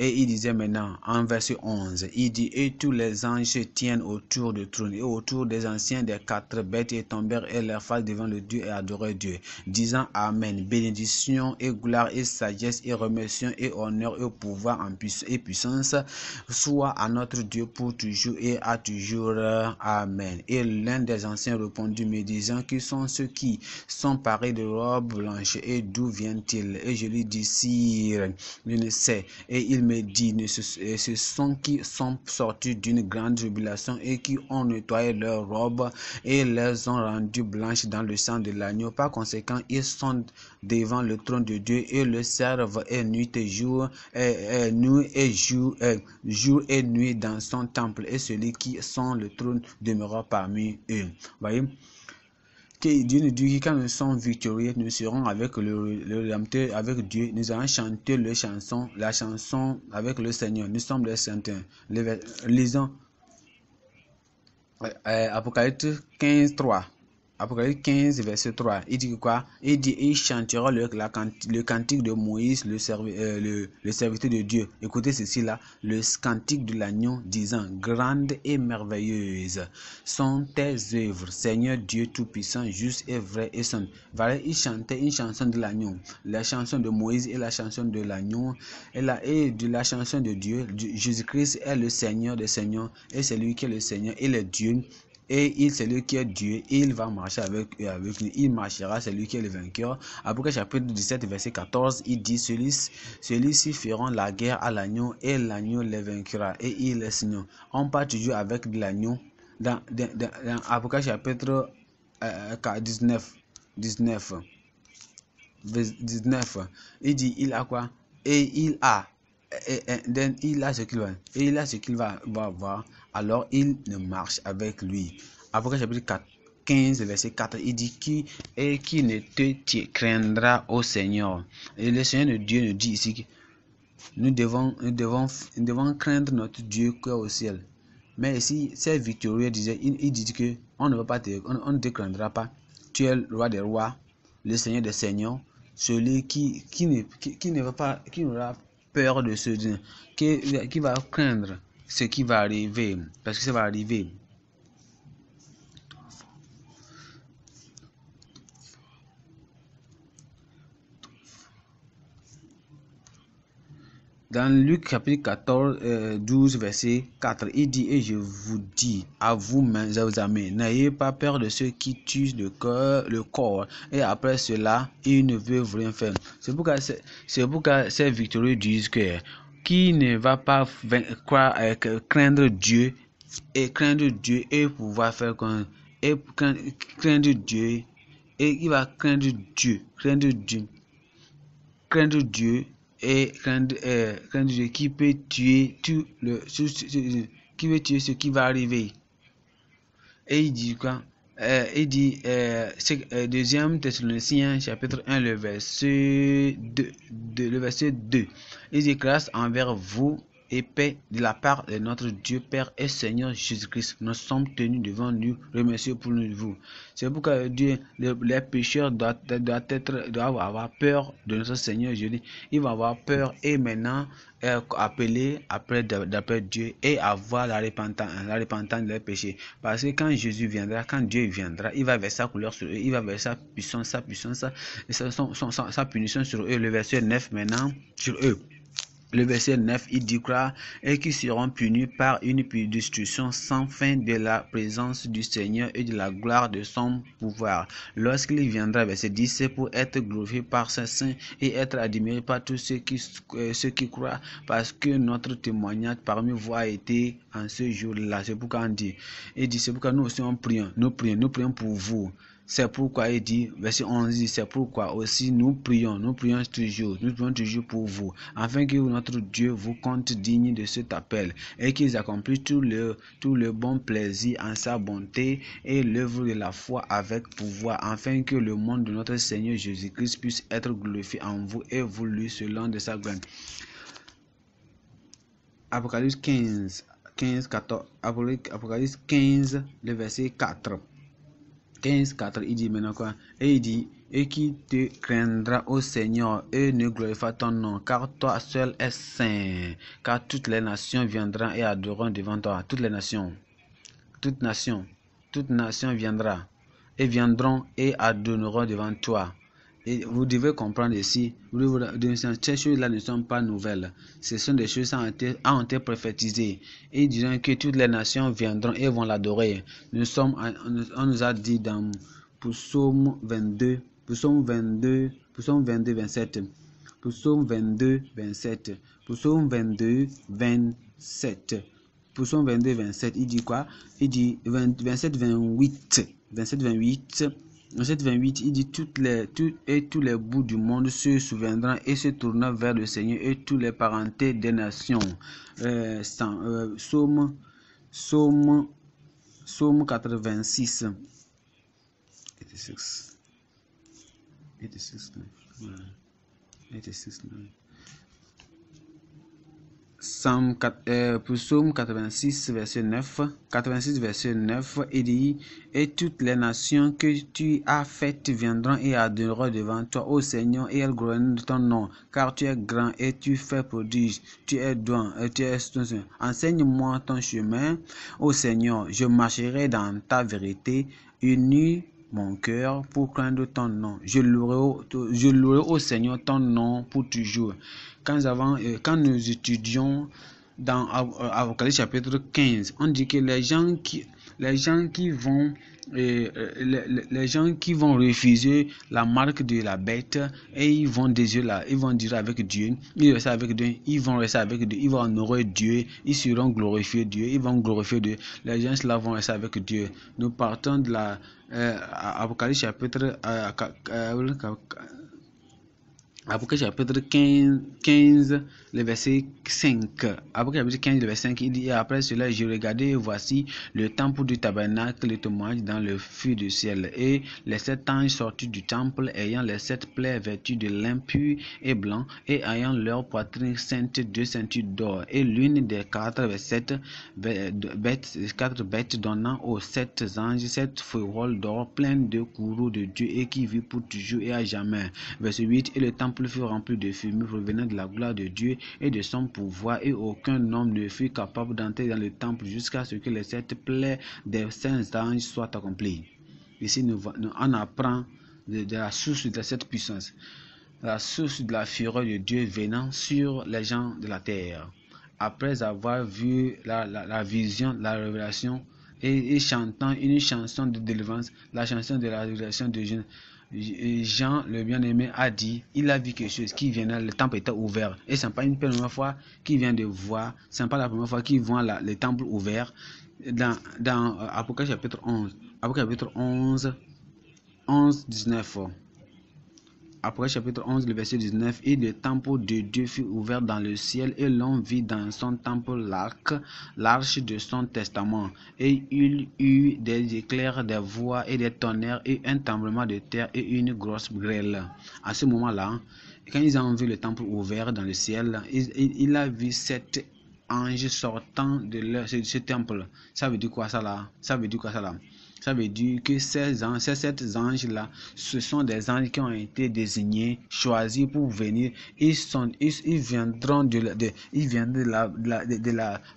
et il disait maintenant, en verset 11, il dit, et tous les anges se tiennent autour du trône et autour des anciens des quatre bêtes et tombèrent et leur face devant le Dieu et adorèrent Dieu, disant Amen, bénédiction et gloire et sagesse et remerciement et honneur et pouvoir en puissance et puissance soit à notre Dieu pour toujours et à toujours. Amen. Et l'un des anciens répondit me disant, qui sont ceux qui sont parés de robes blanches et d'où viennent-ils? Et je lui dis, si je ne sais. Et il Médine sont euh, qui sont sortis d'une grande jubilation et qui ont nettoyé leurs robes et les ont rendues blanches dans le sang de l'agneau. Par conséquent, ils sont devant le trône de Dieu et le servent et nuit et jour et, nuit et jour et jour et nuit dans son temple et celui qui sont le trône demeurera parmi eux. Voyez que Dieu nous dit quand nous sommes victorieux, nous serons avec le, le avec Dieu. Nous allons chanter le chanson, la chanson avec le Seigneur. Nous sommes les saints. Lisons euh, euh, Apocalypse 15, 3. Apocalypse 15, verset 3, il dit quoi Il dit, il chantera le, cantique de Moïse, euh, le, le, serviteur de Dieu. Écoutez ceci là, le cantique de l'agneau disant, grande et merveilleuse sont tes œuvres, Seigneur Dieu Tout-Puissant, juste et vrai et saint. il chantait une chanson de l'agneau, la chanson de Moïse et la chanson de l'agneau, et, la, de la chanson de Dieu. Jésus-Christ est le Seigneur des Seigneurs, et c'est lui qui est le Seigneur, et le Dieu et il, c'est lui qui est Dieu, il va marcher avec euh, avec lui. Il marchera, c'est lui qui est le vainqueur. Apocalypse chapitre 17, verset 14, il dit, celui-ci feront la guerre à l'agneau, et l'agneau les vaincra, et il est signe. On part toujours avec l'agneau dans, Apocalypse chapitre 19, 19, 19, il dit, il a quoi Et il a, et, il a ce qu'il va, et il a ce qu'il va, va voir alors il ne marche avec lui. Avocat chapitre 15, verset 4, il dit qui et qui ne te craindra au Seigneur. Et le Seigneur de Dieu nous dit ici nous devons, devons, devons craindre notre Dieu qui est au ciel. Mais ici, c'est victorieux disait, il, dit que on ne va pas te, on, craindra pas. Tu es le roi des rois, le Seigneur des seigneurs, celui qui, qui, ne, qui, ne va pas, qui n'aura peur de ce Dieu, qui va craindre ce qui va arriver, parce que ça va arriver. Dans Luc chapitre 14, 12, euh, verset 4, il dit, et je vous dis, à vous mes amis, n'ayez pas peur de ceux qui tuent le, cœur, le corps, et après cela, ils ne veulent rien faire. C'est pourquoi, c'est pourquoi ces victorieux disent que qui ne va pas croire, euh, craindre Dieu et craindre Dieu et pouvoir faire comme et craindre Dieu et il va craindre Dieu, craindre Dieu, craindre Dieu et craindre, euh, Dieu qui peut tuer tout le, qui veut tuer ce qui va arriver. Et il dit quoi? Euh, il dit, euh, euh, deuxième Thessaloniciens, chapitre 1, le verset 2, de, le verset 2. Il dit, grâce envers vous et paix de la part de notre Dieu Père et Seigneur Jésus-Christ. Nous sommes tenus devant nous remercier pour nous. vous. C'est pourquoi Dieu, les, pécheurs doivent, doivent, être, doivent avoir peur de notre Seigneur Jésus. Il va avoir peur et maintenant euh, appelé après d'après Dieu et avoir la repentance, la repentance de péchés. Parce que quand Jésus viendra, quand Dieu viendra, il va verser sa couleur sur eux, il va verser sa puissance, sa puissance, sa, sa, sa punition sur eux. Le verset 9 maintenant sur eux. Le verset 9, il dit Et qui seront punis par une destruction sans fin de la présence du Seigneur et de la gloire de son pouvoir. Lorsqu'il viendra, verset 10, c'est pour être glorifié par ses saints et être admiré par tous ceux qui, euh, qui croient, parce que notre témoignage parmi vous a été en ce jour-là. C'est pourquoi on dit. et c'est pourquoi nous aussi on nous prions, nous prions pour vous. C'est pourquoi il dit, verset 11, c'est pourquoi aussi nous prions, nous prions toujours, nous prions toujours pour vous, afin que notre Dieu vous compte digne de cet appel et qu'ils accomplissent tout le, tout le bon plaisir en sa bonté et l'œuvre de la foi avec pouvoir, afin que le monde de notre Seigneur Jésus-Christ puisse être glorifié en vous et vous lui selon de sa grande Apocalypse 15, 15, 14, Apocalypse 15, le verset 4. 15, 4, il dit maintenant quoi Et il dit Et qui te craindra, au Seigneur, et ne glorifiera ton nom, car toi seul es saint, car toutes les nations viendront et adoreront devant toi. Toutes les nations, toutes nations, toutes nations viendra, et viendront et adoreront devant toi. Et vous devez comprendre ici, ces choses-là ne sont pas nouvelles. Ce sont des choses qui ont été, Et disons que toutes les nations viendront et vont l'adorer. Nous sommes, on nous a dit dans Psaume 22, Psaume 22, Psaume 22, 27. Psaume 22, 27. Psaume 22, 27. Psaume 22, 27. Il dit quoi Il dit 27, 28. 27, 28. Verset 28, il dit toutes les, tout, Et tous les bouts du monde se souviendront et se tourneront vers le Seigneur et tous les parentés des nations. Euh, sans, euh, psaume, 86. 86. 86, 86, euh, psaume 86, verset 9, 86, verset 9, il dit, Et toutes les nations que tu as faites viendront et adoreront devant toi, ô Seigneur, et elles de ton nom, car tu es grand et tu fais prodige, tu es doux et euh, tu es Enseigne-moi ton chemin, ô Seigneur, je marcherai dans ta vérité, unis mon cœur pour craindre ton nom. Je louerai, je louerai au Seigneur ton nom pour toujours quand, avant, euh, quand nous étudions dans euh, Apocalypse chapitre 15, on dit que les gens qui, les gens qui vont euh, les, gens qui vont refuser la marque de la bête et ils vont désirer là, ils vont dire avec Dieu, ils avec Dieu, ils vont rester avec Dieu, ils vont honorer Dieu, ils seront glorifiés Dieu, ils vont glorifier Dieu. Les gens là vont rester avec Dieu. Nous partons de la Apocalypse chapitre 15 Avocat chapitre 15, le verset 5. Avocat chapitre 15, le verset 5, il dit, et après cela, j'ai regardé, voici le temple du tabernacle, le témoignage dans le feu du ciel. Et les sept anges sortis du temple, ayant les sept plaies vêtues de l'impur et blanc, et ayant leur poitrine sainte de ceinture d'or, et l'une des quatre bêtes, quatre bêtes donnant aux sept anges sept feuilles d'or pleines de courroux de Dieu, et qui vit pour toujours et à jamais. Verset 8, et le temple fut rempli de fumée provenant de la gloire de Dieu et de son pouvoir, et aucun homme ne fut capable d'entrer dans le temple jusqu'à ce que les sept plaies des saints anges soient accomplies. Ici, nous, en apprend de, la source de cette puissance, la source de la fureur de Dieu venant sur les gens de la terre. Après avoir vu la, vision, la révélation, et, chantant une chanson de délivrance, la chanson de la révélation de Jean. Jean le bien-aimé a dit, il a vu quelque chose qui venait, le temple était ouvert. Et ce n'est pas une première fois qu'il vient de voir, c'est n'est pas la première fois qu'il voit le temple ouvert. Dans, dans euh, Apocalypse chapitre 11, Apocalypse chapitre 11, 11, 19. Après chapitre 11, le verset 19, et le temple de Dieu fut ouvert dans le ciel, et l'on vit dans son temple l'arc, l'arche de son testament. Et il eut des éclairs, des voix et des tonnerres, et un tremblement de terre et une grosse grêle. À ce moment-là, quand ils ont vu le temple ouvert dans le ciel, il, il, a vu sept anges sortant de, de ce temple. Ça veut dire quoi ça là Ça veut dire quoi ça là ça veut dire que ces anges, ces anges-là, ce sont des anges qui ont été désignés, choisis pour venir. Ils, sont, ils, viendront, de la, de, la, de,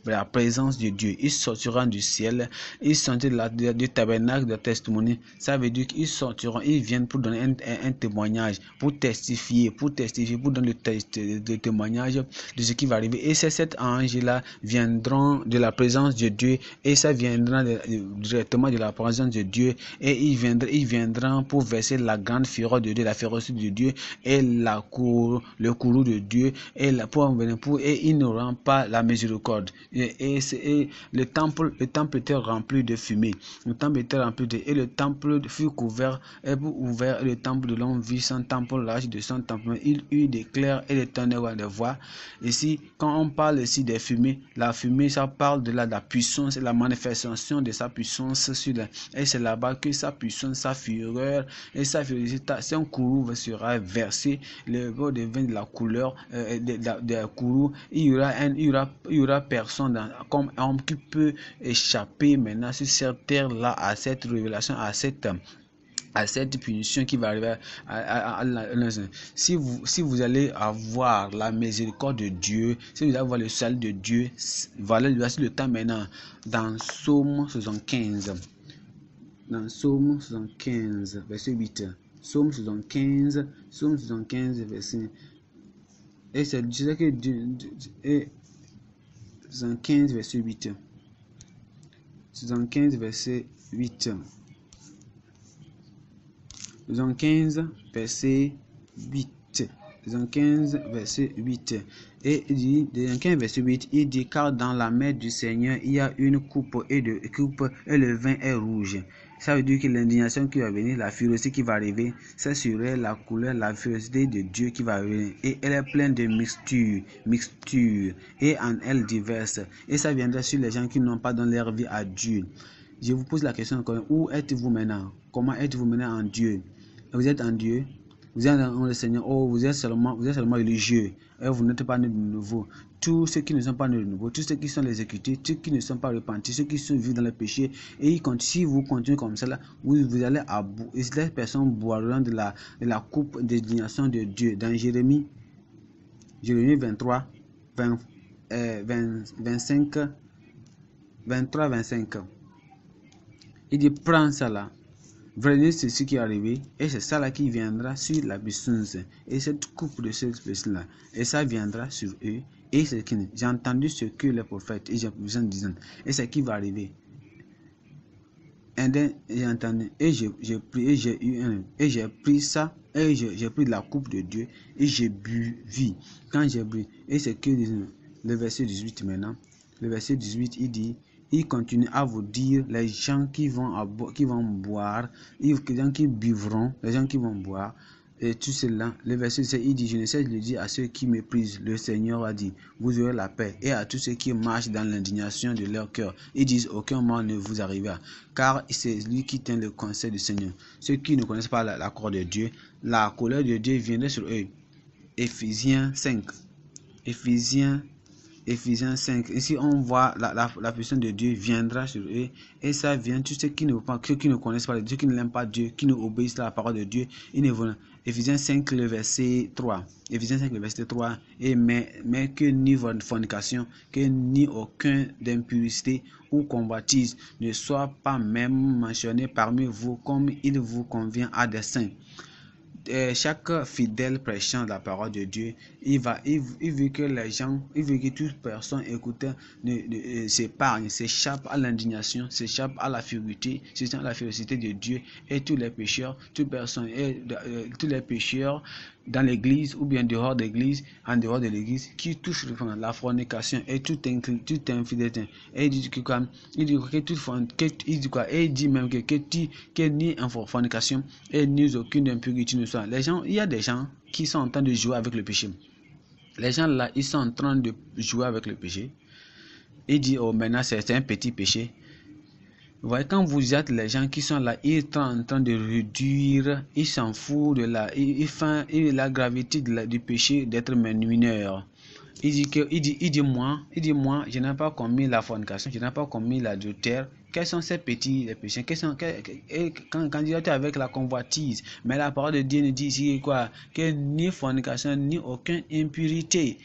la, présence de Dieu. Ils sortiront du ciel. Ils sortiront de la, du tabernacle de témoignage. Ça veut dire qu'ils sortiront, ils viennent pour donner un, témoignage, pour testifier, pour testifier, pour donner le, témoignages, témoignage de ce qui va arriver. Et ces sept anges-là viendront de la présence de Dieu et ça viendra directement de la présence de Dieu et ils viendront, viendra pour verser la grande fureur de Dieu, la férocité de Dieu et la cour, le courroux de Dieu et la pour, pour et ils n'auront pas la miséricorde. Et, et, et, le temple, le temple était rempli de fumée. Le temple était rempli de et le temple fut couvert et ouvert le temple de l'homme vit sans temple l'âge de son temple. Il eut des clairs et des tonnerres de voix. Ici, quand on parle ici des fumées, la fumée ça parle de la, de la puissance et la manifestation de sa puissance sur la, et c'est là-bas que sa puissance, sa fureur et sa félicitation, un courroux sera versé. Le bord de la couleur euh, de, la courroux. Il y aura, il y aura, il y aura personne comme homme qui peut échapper maintenant sur cette terre-là à cette révélation, à cette à cette punition qui va arriver à, à, si vous si vous allez avoir la miséricorde de Dieu si vous allez avoir le salut de Dieu voilà le temps maintenant dans Somme 75 dans Psaume 75, verset 8. Psaume 75, Psaume 75, verset Et c'est le que 75, verset 8. 75, verset 8. 75, verset 8. 75, verset 8. Et il dit, dans verset 8, il dit, car dans la main du Seigneur, il y a une coupe et, de, coupe, et le vin est rouge. Ça veut dire que l'indignation qui va venir, la fureur qui va arriver, c'est sur elle la couleur, la fureur de Dieu qui va venir. Et elle est pleine de mixtures, mixtures, et en elle diverses. Et ça viendra sur les gens qui n'ont pas donné leur vie à Dieu. Je vous pose la question encore, où êtes-vous maintenant Comment êtes-vous maintenant en Dieu Vous êtes en Dieu vous êtes en le Seigneur, oh, vous êtes seulement, vous êtes seulement religieux, et vous n'êtes pas né de nouveau tous ceux qui ne sont pas de nouveau, tous ceux qui sont les tous ceux qui ne sont pas repentis, ceux qui sont vus dans le péché. Et si vous continuez comme cela, vous, vous allez à bout. Et les personnes boiront de la, de la coupe de Dieu. Dans Jérémie, Jérémie 23, 20, 25, 23, 25. Il dit, prends ça là. c'est ce qui est arrivé, et c'est ça qui viendra sur la puissance, et cette coupe de cette personne là, et ça viendra sur eux, et j'ai entendu ce que les prophètes et en disant, et ce qui va arriver. Et j'ai entendu, et j'ai pris, et j'ai eu un, et j'ai pris ça, et j'ai pris la coupe de Dieu, et j'ai bu, vie Quand j'ai bu, et c'est que le verset 18 maintenant, le verset 18, il dit, il continue à vous dire les gens qui vont, à qui vont boire, les gens qui buvront, les gens qui vont boire, et tout cela, le verset 7, il dit, je ne cesse le dire à ceux qui méprisent, le Seigneur a dit, vous aurez la paix. Et à tous ceux qui marchent dans l'indignation de leur cœur, ils disent, aucun mal ne vous arrivera. Car c'est lui qui tient le conseil du Seigneur. Ceux qui ne connaissent pas l'accord de Dieu, la colère de Dieu viendrait sur eux. Ephésiens 5. Éphésiens Ephésiens 5. Ici, on voit la, la, la, puissance de Dieu viendra sur eux. Et ça vient, tous ceux qui ne, ceux qui ne connaissent pas Dieu, qui ne l'aiment pas Dieu, qui ne obéissent à la parole de Dieu, ils ne Ephésiens 5, le verset 3. Ephésiens 5, le verset 3. Et mais, mais que ni votre fornication, que ni aucun d'impurité ou combattise ne soit pas même mentionné parmi vous comme il vous convient à dessein euh, chaque fidèle prêchant la parole de Dieu, il va, il, veut que les gens, il veut que toute personne écoutant euh, s'épargne, s'échappe à l'indignation, s'échappe à la furité, s'échappe à la férocité de Dieu et tous les pécheurs, toute personne euh, tous les pécheurs dans l'église ou bien dehors de l'église, en dehors de l'église, qui touche la fornication et tout est infidélité. Et il dit que, il dit que, toute, même que, ni fornication et ni aucune impurité ne soit. Les gens, il y a des gens qui sont en train de jouer avec le péché. Les gens là, ils sont en train de jouer avec le péché. Il dit, oh, maintenant c'est un petit péché. Vous voyez, quand vous êtes les gens qui sont là, ils sont en train de réduire, ils s'en foutent de la, ils, font, la gravité du péché d'être mineur. ils dit, que, il, dit, il moi, il dit moi, je n'ai pas commis la fornication, je n'ai pas commis l'adultère. Quels sont ces petits les péchés Quels sont, quand, quand il avec la convoitise, mais la parole de Dieu nous dit ici quoi Que ni fornication, ni aucune impurité,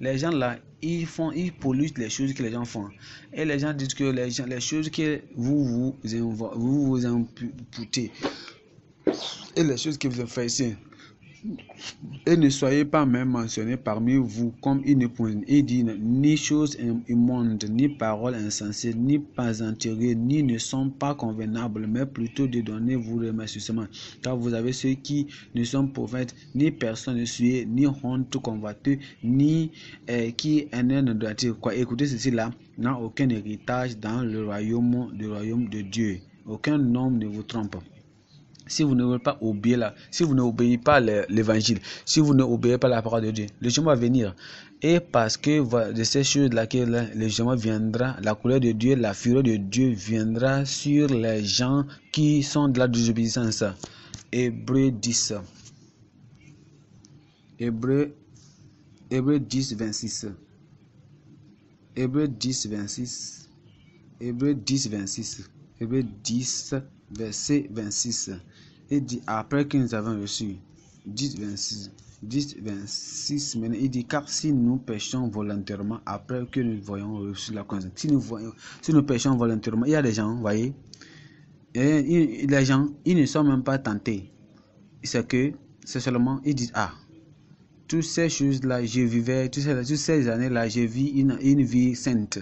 les gens là, ils font, ils polluent les choses que les gens font. Et les gens disent que les, gens, les choses que vous vous, vous, vous imputez et les choses que vous faites ici, et ne soyez pas même mentionnés parmi vous comme Il dit, ni choses immondes, ni paroles insensées, ni pas enterrées, ni ne sont pas convenables, mais plutôt de donner vous remerciements. Car vous avez ceux qui ne sont prophètes, ni personne ne suit, ni honte convoiteux, ni euh, qui en est ne Quoi, écoutez ceci là, n'a aucun héritage dans le royaume, le royaume de Dieu. Aucun homme ne vous trompe si vous ne voulez pas obéir là, si vous n'obéissez pas l'évangile, si vous n'obéissez pas la parole de Dieu, le jugement va venir. Et parce que de ces choses-là le jugement viendra, la couleur de Dieu, la fureur de Dieu viendra sur les gens qui sont de la désobéissance. Hébreu 10. Hébreu, Hébreu 10, 26. Hébreu 10, 26. Hébreu 10, 26. Hébreu 10, verset 26 et dit après que nous avons reçu 10, 26, 10, 26 maintenant, il dit car si nous pêchons volontairement après que nous voyons reçu la connaissance, si nous, voyons, si nous volontairement, il y a des gens, vous voyez, et les gens, ils ne sont même pas tentés. C'est que, c'est seulement, ils disent, ah, toutes ces choses-là, je vivais, toutes ces, toutes ces années-là, j'ai vis une vie sainte.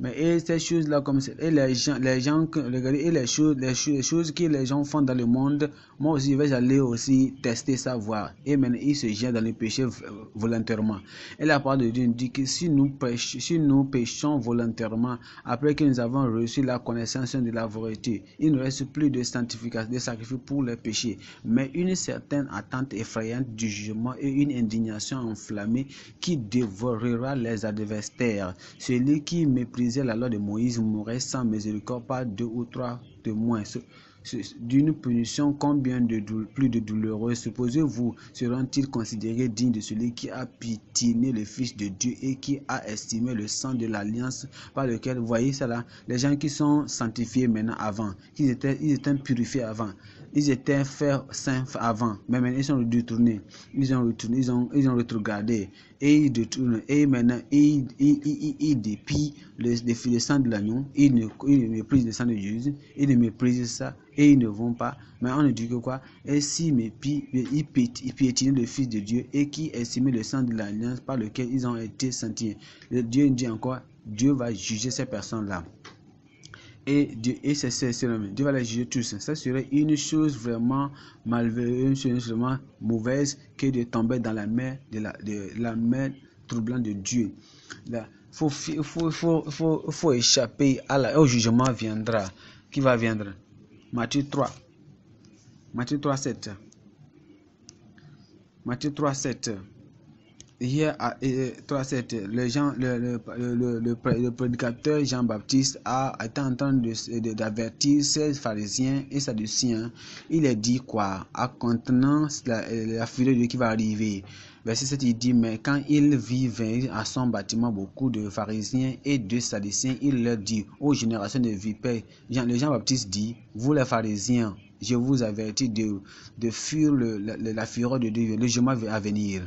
Mais et ces choses-là, comme et les gens, les gens, et les choses, les choses, que les gens font dans le monde, moi aussi, je vais aller aussi tester ça, voir. Et maintenant, ils se jettent dans les péchés volontairement. Et la parole de Dieu nous dit que si nous péchons, si nous péchons volontairement, après que nous avons reçu la connaissance de la vérité, il ne reste plus de sanctification, de sacrifice pour les péchés, mais une certaine attente effrayante du jugement et une indignation enflammée qui dévorera les adversaires. Celui qui méprise la loi de Moïse mourrez sans miséricorde par deux ou trois de moins, d'une punition combien de plus de douloureux. Supposez-vous, seront-ils considérés dignes de celui qui a pitiné le Fils de Dieu et qui a estimé le sang de l'alliance par lequel, voyez cela, les gens qui sont sanctifiés maintenant avant, ils étaient, ils étaient purifiés avant, ils étaient faits saints avant, mais maintenant ils sont retournés, ils ont retourné, ils ont, ils ont retourné, et il détourne, et maintenant il, il, dépie le, sang de l'agneau, il ne, méprise le sang de Jésus, il ne méprise ça, et ils ne vont pas. Mais on ne dit que quoi Et si mépie, ils piétinent le Fils de Dieu, et qui estime le sang de l'agneau par lequel ils ont été sentis. Dieu dit encore, Dieu va juger ces personnes-là et, de et ses même Dieu va les juger tous. Ça serait une chose vraiment malveillante, une chose vraiment mauvaise que de tomber dans la mer, de la, de, la mer troublante de Dieu. Là, faut, faut, faut, faut, échapper à la, au jugement viendra. Qui va venir Matthieu 3. Matthieu 3, 7. Matthieu 3, 7 hier à le, Jean, le, le, le, prédicateur Jean-Baptiste a été en train d'avertir ces pharisiens et sadduciens. Il a dit quoi À contenance la, la fureur de Dieu qui va arriver. Verset 7, il dit, mais quand il vit à son bâtiment beaucoup de pharisiens et de sadduciens, il leur dit, aux générations de vipères, Jean, le Jean-Baptiste dit, vous les pharisiens, je vous avertis de, de fuir la, la, fureur de Dieu, le jugement à venir.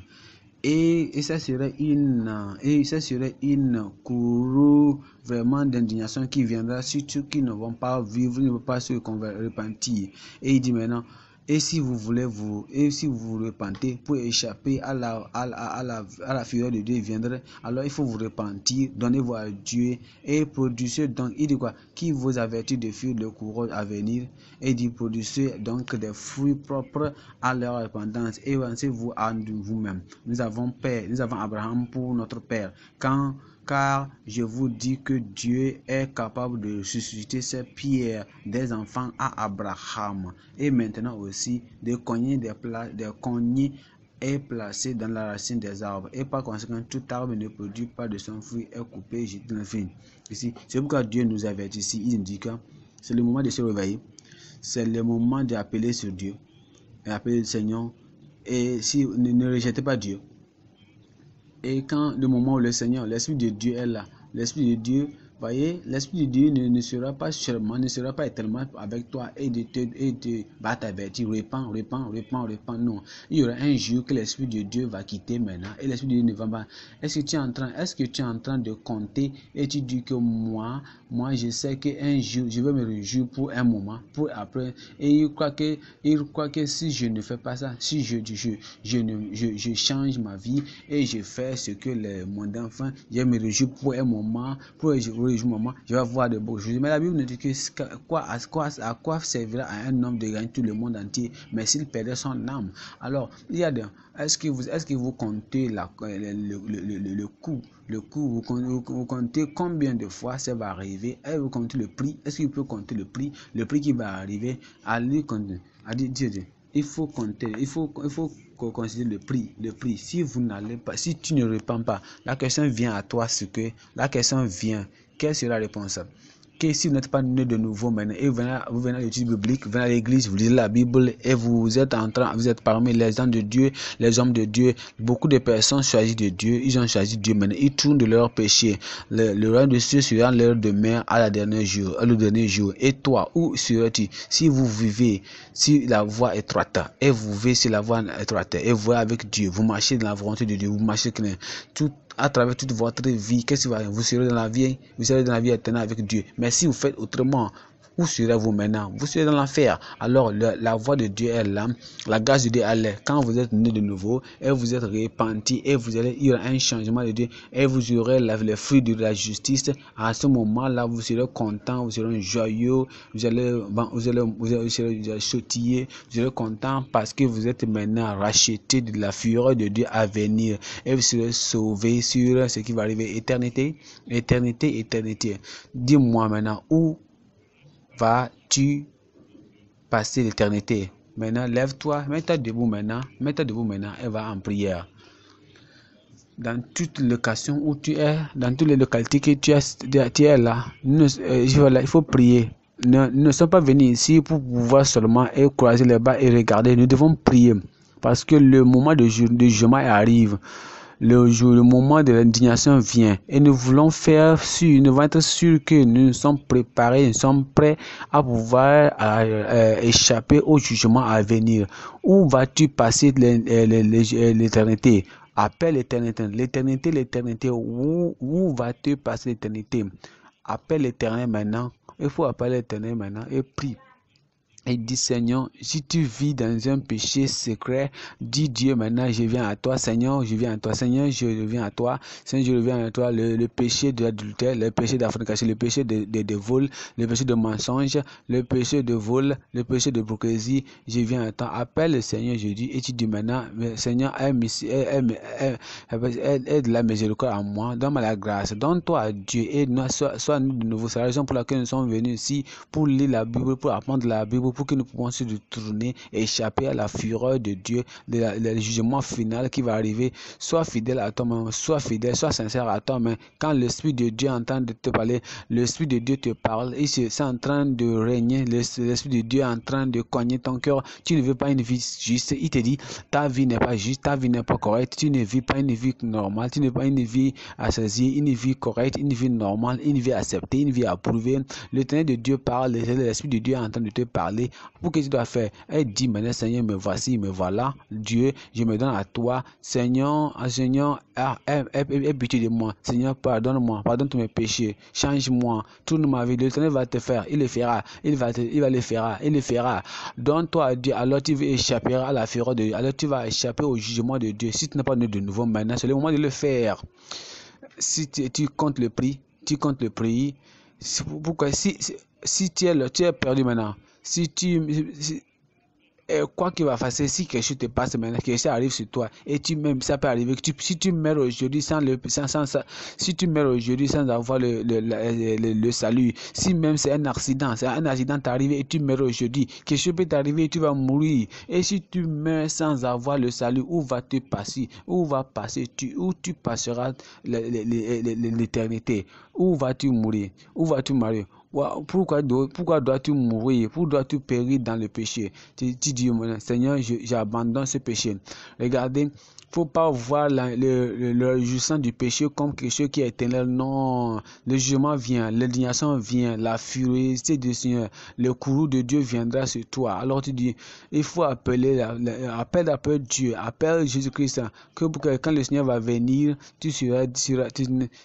Et, et, ça serait une euh, et ça serait une courroux vraiment d'indignation qui viendra sur ceux qui ne vont pas vivre, ne vont pas se repentir. Et il dit maintenant, et si vous voulez vous, et si vous repentez pour échapper à la, à, la, à, la, à la fureur de Dieu viendrait, alors il faut vous repentir, donnez-vous à Dieu et produisez donc, il dit quoi, qui vous avertit de fuir le courroux à venir, et dit produisez donc des fruits propres à leur repentance, et pensez vous à vous-même. Nous avons Père, nous avons Abraham pour notre Père. Quand car je vous dis que Dieu est capable de susciter ces pierres des enfants à Abraham, et maintenant aussi de cogner des, plats des cogner est placé dans la racine des arbres, et par conséquent, tout arbre ne produit pas de son fruit, est coupé jeté Ici, c'est pourquoi Dieu nous avertit ici, il nous dit que c'est le moment de se réveiller, c'est le moment d'appeler sur Dieu, et appeler le Seigneur, et si ne, ne rejetez pas Dieu. Et quand le moment où le Seigneur, l'Esprit de Dieu est là, l'Esprit de Dieu voyez, l'Esprit de Dieu ne, sera pas seulement, ne sera pas tellement avec toi et de te, et de, Tu t'avertir, répands, répands, répands, répands. Non. Il y aura un jour que l'Esprit de Dieu va quitter maintenant et l'Esprit de Dieu ne va pas. Est-ce que tu es en train, est-ce que tu es en train de compter et tu dis que moi, moi, je sais qu'un jour, je vais me réjouir pour un moment, pour après. Et il croit que, il croit que si je ne fais pas ça, si je, je, je, ne, je, change ma vie et je fais ce que les, mon enfant, je me réjouis pour un moment, pour moment je, je vais voir de beaux choses. Mais la Bible nous dit que quoi, à, quoi, à quoi servira à un homme de gagner tout le monde entier, mais s'il perdait son âme Alors, il y a Est-ce que, vous, est -ce que vous comptez la, euh, le, le, le, le coût le coût, vous, comptez combien de fois ça va arriver, et vous comptez le prix, est-ce qu'il peut compter le prix, le prix qui va arriver, à lui à dire, Dieu, il faut compter, il faut, il faut considérer le prix, le prix, si vous n'allez pas, si tu ne réponds pas, la question vient à toi, ce que, la question vient, quelle sera la réponse que si vous n'êtes pas né de nouveau maintenant et vous venez, à l'étude biblique, vous venez à l'église, vous lisez la Bible et vous êtes en train, vous êtes parmi les gens de Dieu, les hommes de Dieu. Beaucoup de personnes choisissent de Dieu, ils ont choisi Dieu maintenant, ils tournent de leur péché. Le, roi royaume de Dieu sera leur demain à la dernière jour, à le dernier jour. Et toi, où seras-tu si vous vivez si la voie étroite et vous vivez sur la voie étroite et vous voyez avec Dieu, vous marchez dans la volonté de Dieu, vous marchez tout à travers toute votre vie. Qu'est-ce qui vous serez dans la vie Vous serez dans la vie éternelle avec Dieu. Mais si vous faites autrement, où serez vous maintenant. Vous serez dans l'enfer. Alors la voix de Dieu est là. La grâce de Dieu est là. Quand vous êtes né de nouveau et vous êtes repenti et vous allez, il y aura un changement de Dieu et vous aurez la, les fruits de la justice. À ce moment-là, vous serez content, vous serez joyeux, vous allez, vous allez, vous allez, vous vous allez vous serez content parce que vous êtes maintenant racheté de la fureur de Dieu à venir et vous serez sauvé sur ce qui va arriver éternité, éternité, éternité. Dis-moi maintenant où vas-tu passer l'éternité Maintenant, lève-toi, mets-toi debout maintenant, mets-toi debout maintenant et va en prière. Dans toute location où tu es, dans toutes les localités que tu es, euh, là, il faut prier. Nous, ne sommes pas venus ici pour pouvoir seulement et croiser les bas et regarder. Nous devons prier parce que le moment de, de jugement arrive le jour, le moment de l'indignation vient et nous voulons faire sûr, nous voulons être sûrs que nous sommes préparés, nous sommes prêts à pouvoir échapper au jugement à venir. Où vas-tu passer euh, euh, l'éternité Appelle l'éternité, l'éternité, l'éternité. Où, où vas-tu passer l'éternité Appelle l'éternel maintenant. Il faut appeler l'éternel maintenant et prie. Il dit, Seigneur, si tu vis dans un péché secret, dis Dieu maintenant, je viens à toi, Seigneur, je viens à toi, Seigneur, je reviens à toi, Seigneur, je reviens à toi, le, péché de l'adultère, le péché d'affrontation, le péché de, de, vol, le péché de mensonge, le péché de vol, le péché de procrésie, je viens à toi, appelle le Seigneur, je dis, et tu dis maintenant, Seigneur, aide aide, la miséricorde à moi, donne-moi la grâce, donne-toi à Dieu, aide-nous, sois, nous de nouveau, c'est la raison pour laquelle nous sommes venus ici, pour lire la Bible, pour apprendre la Bible, pour que nous puissions se tourner et échapper à la fureur de Dieu, le jugement final qui va arriver. Sois fidèle à toi-même, sois fidèle, sois sincère à toi-même. Quand l'Esprit de Dieu est de te parler, l'Esprit de Dieu te parle, il est en train de régner, l'Esprit de Dieu est en train de cogner ton cœur. Tu ne veux pas une vie juste, il te dit, ta vie n'est pas juste, ta vie n'est pas correcte, tu ne vis pas une vie normale, tu n'es pas une vie assaisie, une vie correcte, une vie normale, une vie acceptée, une vie approuvée. Le Ténèbre de Dieu parle, l'Esprit de Dieu est en train de te parler. Pour que tu dois faire Elle dit maintenant, Seigneur, me voici, me voilà. Dieu, je me donne à toi. Seigneur, Seigneur, ah, aie pitié de moi. Seigneur, pardonne-moi, pardonne tous mes péchés. Change-moi, tourne ma vie. Le Seigneur va te faire, il le fera, il va, te, il va le fera, il le fera. Donne-toi à Dieu, alors tu échapperas à la fureur de Dieu. Alors tu vas échapper au jugement de Dieu. Si tu n'as pas de nouveau maintenant, c'est le moment de le faire. Si tu, comptes le prix, tu comptes le prix. Pourquoi si, si, si tu, es, tu es perdu maintenant, si tu... Eh, quoi qu'il va faire, si quelque chose te passe maintenant, quelque chose arrive sur toi, et tu même, ça peut arriver, si tu meurs aujourd'hui sans le, sans, sans, si tu meurs aujourd'hui sans avoir le, le, le, salut, si même c'est un accident, c'est un accident arrivé et tu meurs aujourd'hui, quelque chose peut t'arriver et tu vas mourir, et si tu meurs sans avoir le salut, où va te passer, où va passer, tu, où tu passeras l'éternité, où vas-tu mourir, où vas-tu mourir, pourquoi pourquoi dois-tu mourir Pourquoi dois-tu périr dans le péché Tu, tu dis, Seigneur, j'abandonne ce péché. Regardez, faut pas voir le, le, jugement du péché comme quelque chose qui est éternel. Non, le jugement vient, l'indignation vient, la furie du Seigneur, le courroux de Dieu viendra sur toi. Alors tu dis, il faut appeler, appelle, appelle Dieu, appelle Jésus-Christ, que, quand le Seigneur va venir, tu seras, tu,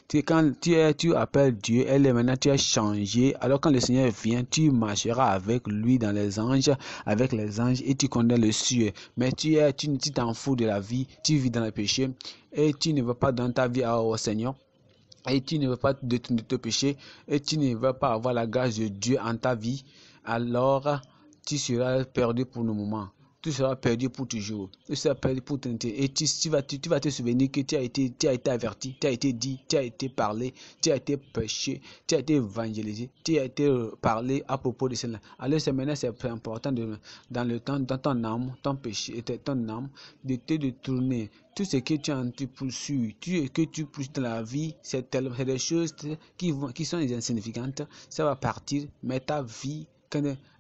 tu, quand tu, tu appelles Dieu, et maintenant, tu as changé. Alors quand le Seigneur vient, tu marcheras avec lui dans les anges, avec les anges, et tu connais le ciel. Mais tu es, tu t'en fous de la vie, tu dans le péché et tu ne vas pas dans ta vie au Seigneur et tu ne vas pas de tes péchés et tu ne vas pas avoir la grâce de Dieu en ta vie, alors tu seras perdu pour le moment tu seras perdu pour toujours. Tu seras perdu pour tenter Et tu, vas, tu, vas te souvenir que tu as été, tu as été averti, tu as été dit, tu as été parlé, tu as été prêché, tu as été évangélisé, tu as été euh, parlé à propos de cela. Alors, c'est maintenant, c'est important de, dans le temps, dans ton âme, ton péché, ton âme, de te détourner tout ce que tu, as tu poursuis, que tu poursuis dans la vie, c'est des choses qui, vont, qui sont insignifiantes. Ça va partir, mais ta vie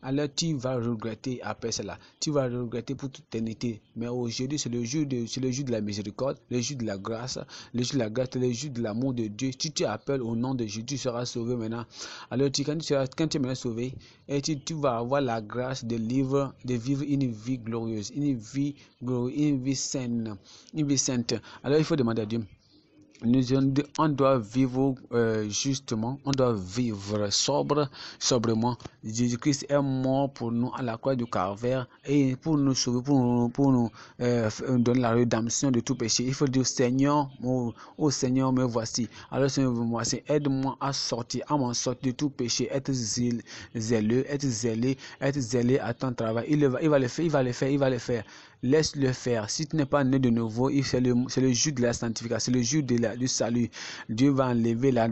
alors tu vas regretter après cela. Tu vas regretter pour toute éternité. Mais aujourd'hui, c'est le jour de, c'est le jour de la miséricorde, le jour de la grâce, le jour de la grâce, le jour de l'amour de Dieu. Si tu appelles au nom de Jésus, tu seras sauvé maintenant. Alors tu, quand tu seras, quand tu es sauvé, et tu, vas avoir la grâce de vivre, de vivre une vie glorieuse, une vie glorieuse, une vie saine, une vie sainte. Alors il faut demander à Dieu on doit vivre euh, justement, on doit vivre sobre, sobrement. Jésus-Christ est mort pour nous à la croix du Calvaire et pour nous sauver, pour nous, pour euh, donner la rédemption de tout péché. Il faut dire Seigneur, au oh Seigneur, me voici. Alors Seigneur, me voici. Aide-moi à sortir, à m'en sortir de tout péché. Être zélé, être zélé, être zélé à ton travail. Il va, il va le faire, il va le faire, il va le faire. Laisse-le faire. Si tu n'es pas né de nouveau, c'est le, le jus de la sanctification, c'est le jus de la, du salut. Dieu va enlever la,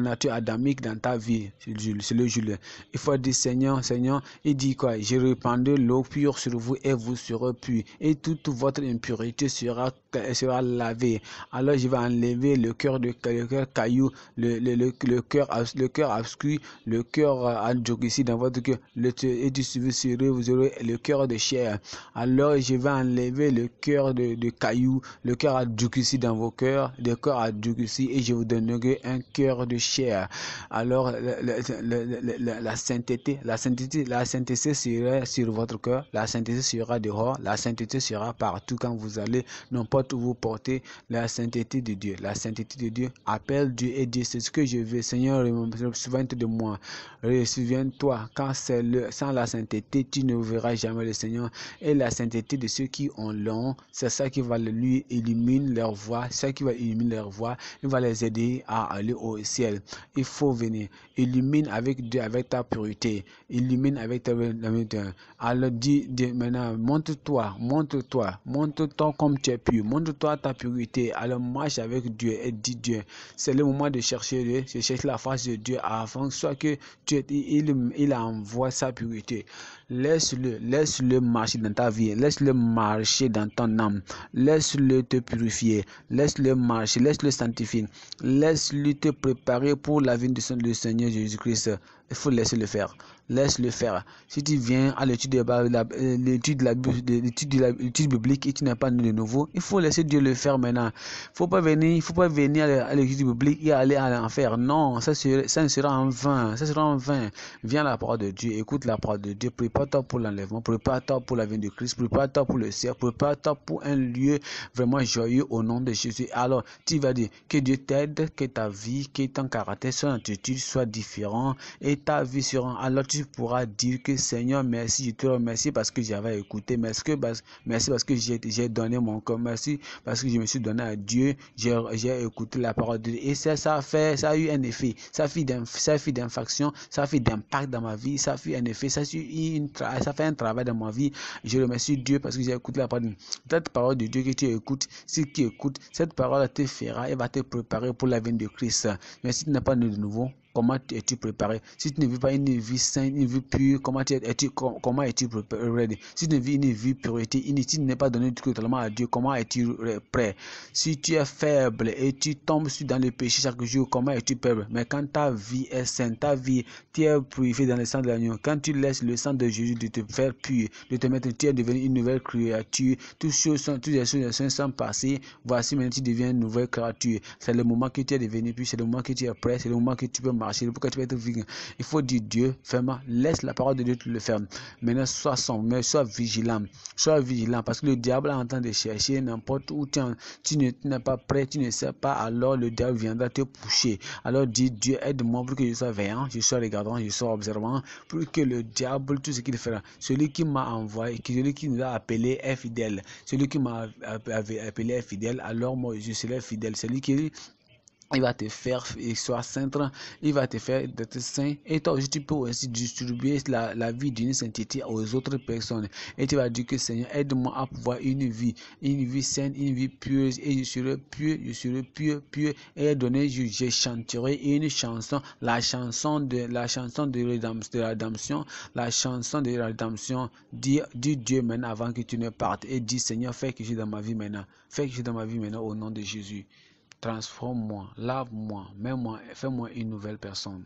nature adamique dans ta vie. C'est le jus. Il faut dire Seigneur, Seigneur, il dit quoi Je répandrai l'eau pure sur vous et vous serez pur. Et toute votre impurité sera sera lavé. Alors je vais enlever le cœur de le cœur caillou, le, le, le, cœur le cœur le cœur ici euh, dans votre cœur. Le, et du vous aurez le cœur de chair. Alors je vais enlever le cœur de, de caillou, le cœur ici dans vos cœurs, le cœur ici et je vous donnerai un cœur de chair. Alors la sainteté, la sainteté, la sainteté sera sur votre cœur, la sainteté sera dehors, la sainteté sera partout quand vous allez n'importe vous portez la sainteté de Dieu. La sainteté de Dieu appelle Dieu et dit, c'est ce que je veux. Seigneur, souviens-toi de moi. Souviens-toi, car sans la sainteté, tu ne verras jamais le Seigneur. Et la sainteté de ceux qui ont l'ont, c'est ça qui va lui illuminer leur voix, ça qui va illuminer leur voix il va les aider à aller au ciel. Il faut venir illumine avec Dieu, avec ta pureté, illumine avec ta vérité. Alors dis, maintenant, montre-toi, montre-toi, montre-toi comme tu es pur, montre-toi ta pureté, Alors marche avec Dieu et dis Dieu. C'est le moment de chercher Dieu, je cherche la face de Dieu afin soit que tu, il, il envoie sa pureté, Laisse-le, laisse-le marcher dans ta vie, laisse-le marcher dans ton âme, laisse-le te purifier, laisse-le marcher, laisse-le sanctifier, laisse-le te préparer pour la vie du Seigneur Jésus-Christ il faut laisser le faire. Laisse-le faire. Si tu viens à l'étude de la, euh, l'étude, de la, de l'étude biblique et tu n'as pas de nouveau, il faut laisser Dieu le faire maintenant. Il faut pas venir, il faut pas venir à l'étude biblique et aller à l'enfer. Non, ça, sera, ça sera en vain. Ça sera en vain. Viens à la parole de Dieu, écoute la parole de Dieu, prépare-toi pour l'enlèvement, prépare-toi pour la vie de Christ, prépare-toi pour le ciel, prépare-toi pour un lieu vraiment joyeux au nom de Jésus. Alors, tu vas dire que Dieu t'aide, que ta vie, que ton caractère, son attitude soit différent et ta vie sera. Alors tu pourras dire que Seigneur, merci, je te remercie parce que j'avais écouté. Merci, parce, merci parce que j'ai donné mon corps. Merci parce que je me suis donné à Dieu. J'ai écouté la parole de Dieu. Et ça, ça, a fait, ça a eu un effet. Ça a fait d'infraction. Ça a fait d'impact dans ma vie. Ça a fait un effet. Ça a, fait un travail dans ma vie. Je remercie Dieu parce que j'ai écouté la parole. Cette parole de Dieu que tu écoutes, si tu écoutes, cette parole te fera et va te préparer pour la vie de Christ. Mais si tu n'as pas de nouveau, Comment es-tu préparé Si tu ne vis pas une vie sainte, une vie pure, comment es-tu comment es-tu préparé Si tu ne vis une vie pureté, si tu n'es pas donné totalement à Dieu, comment es-tu euh, prêt Si tu es faible et tu tombes dans le péché chaque jour, comment es-tu prêt? Mais quand ta vie est sainte, ta vie, tu es purifié dans le sang de l'agneau. Quand tu laisses le sang de Jésus de te faire pur, de te mettre, tu es devenu une nouvelle créature. Toutes choses sont, toutes les choses sont, sont passées. Voici maintenant tu deviens une nouvelle créature. C'est le moment que tu es devenu pur, c'est le moment que tu es prêt, c'est le moment que tu peux marcher être Il faut dire Dieu, ferme, laisse la parole de Dieu te le ferme Maintenant, sois sombre, mais sois vigilant. Sois vigilant parce que le diable est en train de chercher n'importe où tu, tu n'es pas prêt, tu ne sais pas, alors le diable viendra te pousser. Alors dis Dieu, aide-moi pour que je sois veillant, je sois regardant, je sois observant, pour que le diable, tout ce qu'il fera, celui qui m'a envoyé, celui qui nous a appelé est fidèle. Celui qui m'a appelé est fidèle, alors moi je serai fidèle. Celui qui il va te faire soit saint, il va te faire d'être saint, et toi aussi tu peux aussi distribuer la, la vie d'une sainteté aux autres personnes. Et tu vas dire que Seigneur, aide-moi à pouvoir une vie, une vie saine, une vie pure et je serai pieux, je serai pieux, pieux, et donné, je, chanterai une chanson, la chanson de la chanson de, la rédemption, la chanson de la rédemption. du Dieu maintenant avant que tu ne partes, et dis Seigneur, fais que j'ai dans ma vie maintenant, fais que j'ai dans ma vie maintenant au nom de Jésus transforme-moi, lave-moi, mets-moi, fais-moi une nouvelle personne.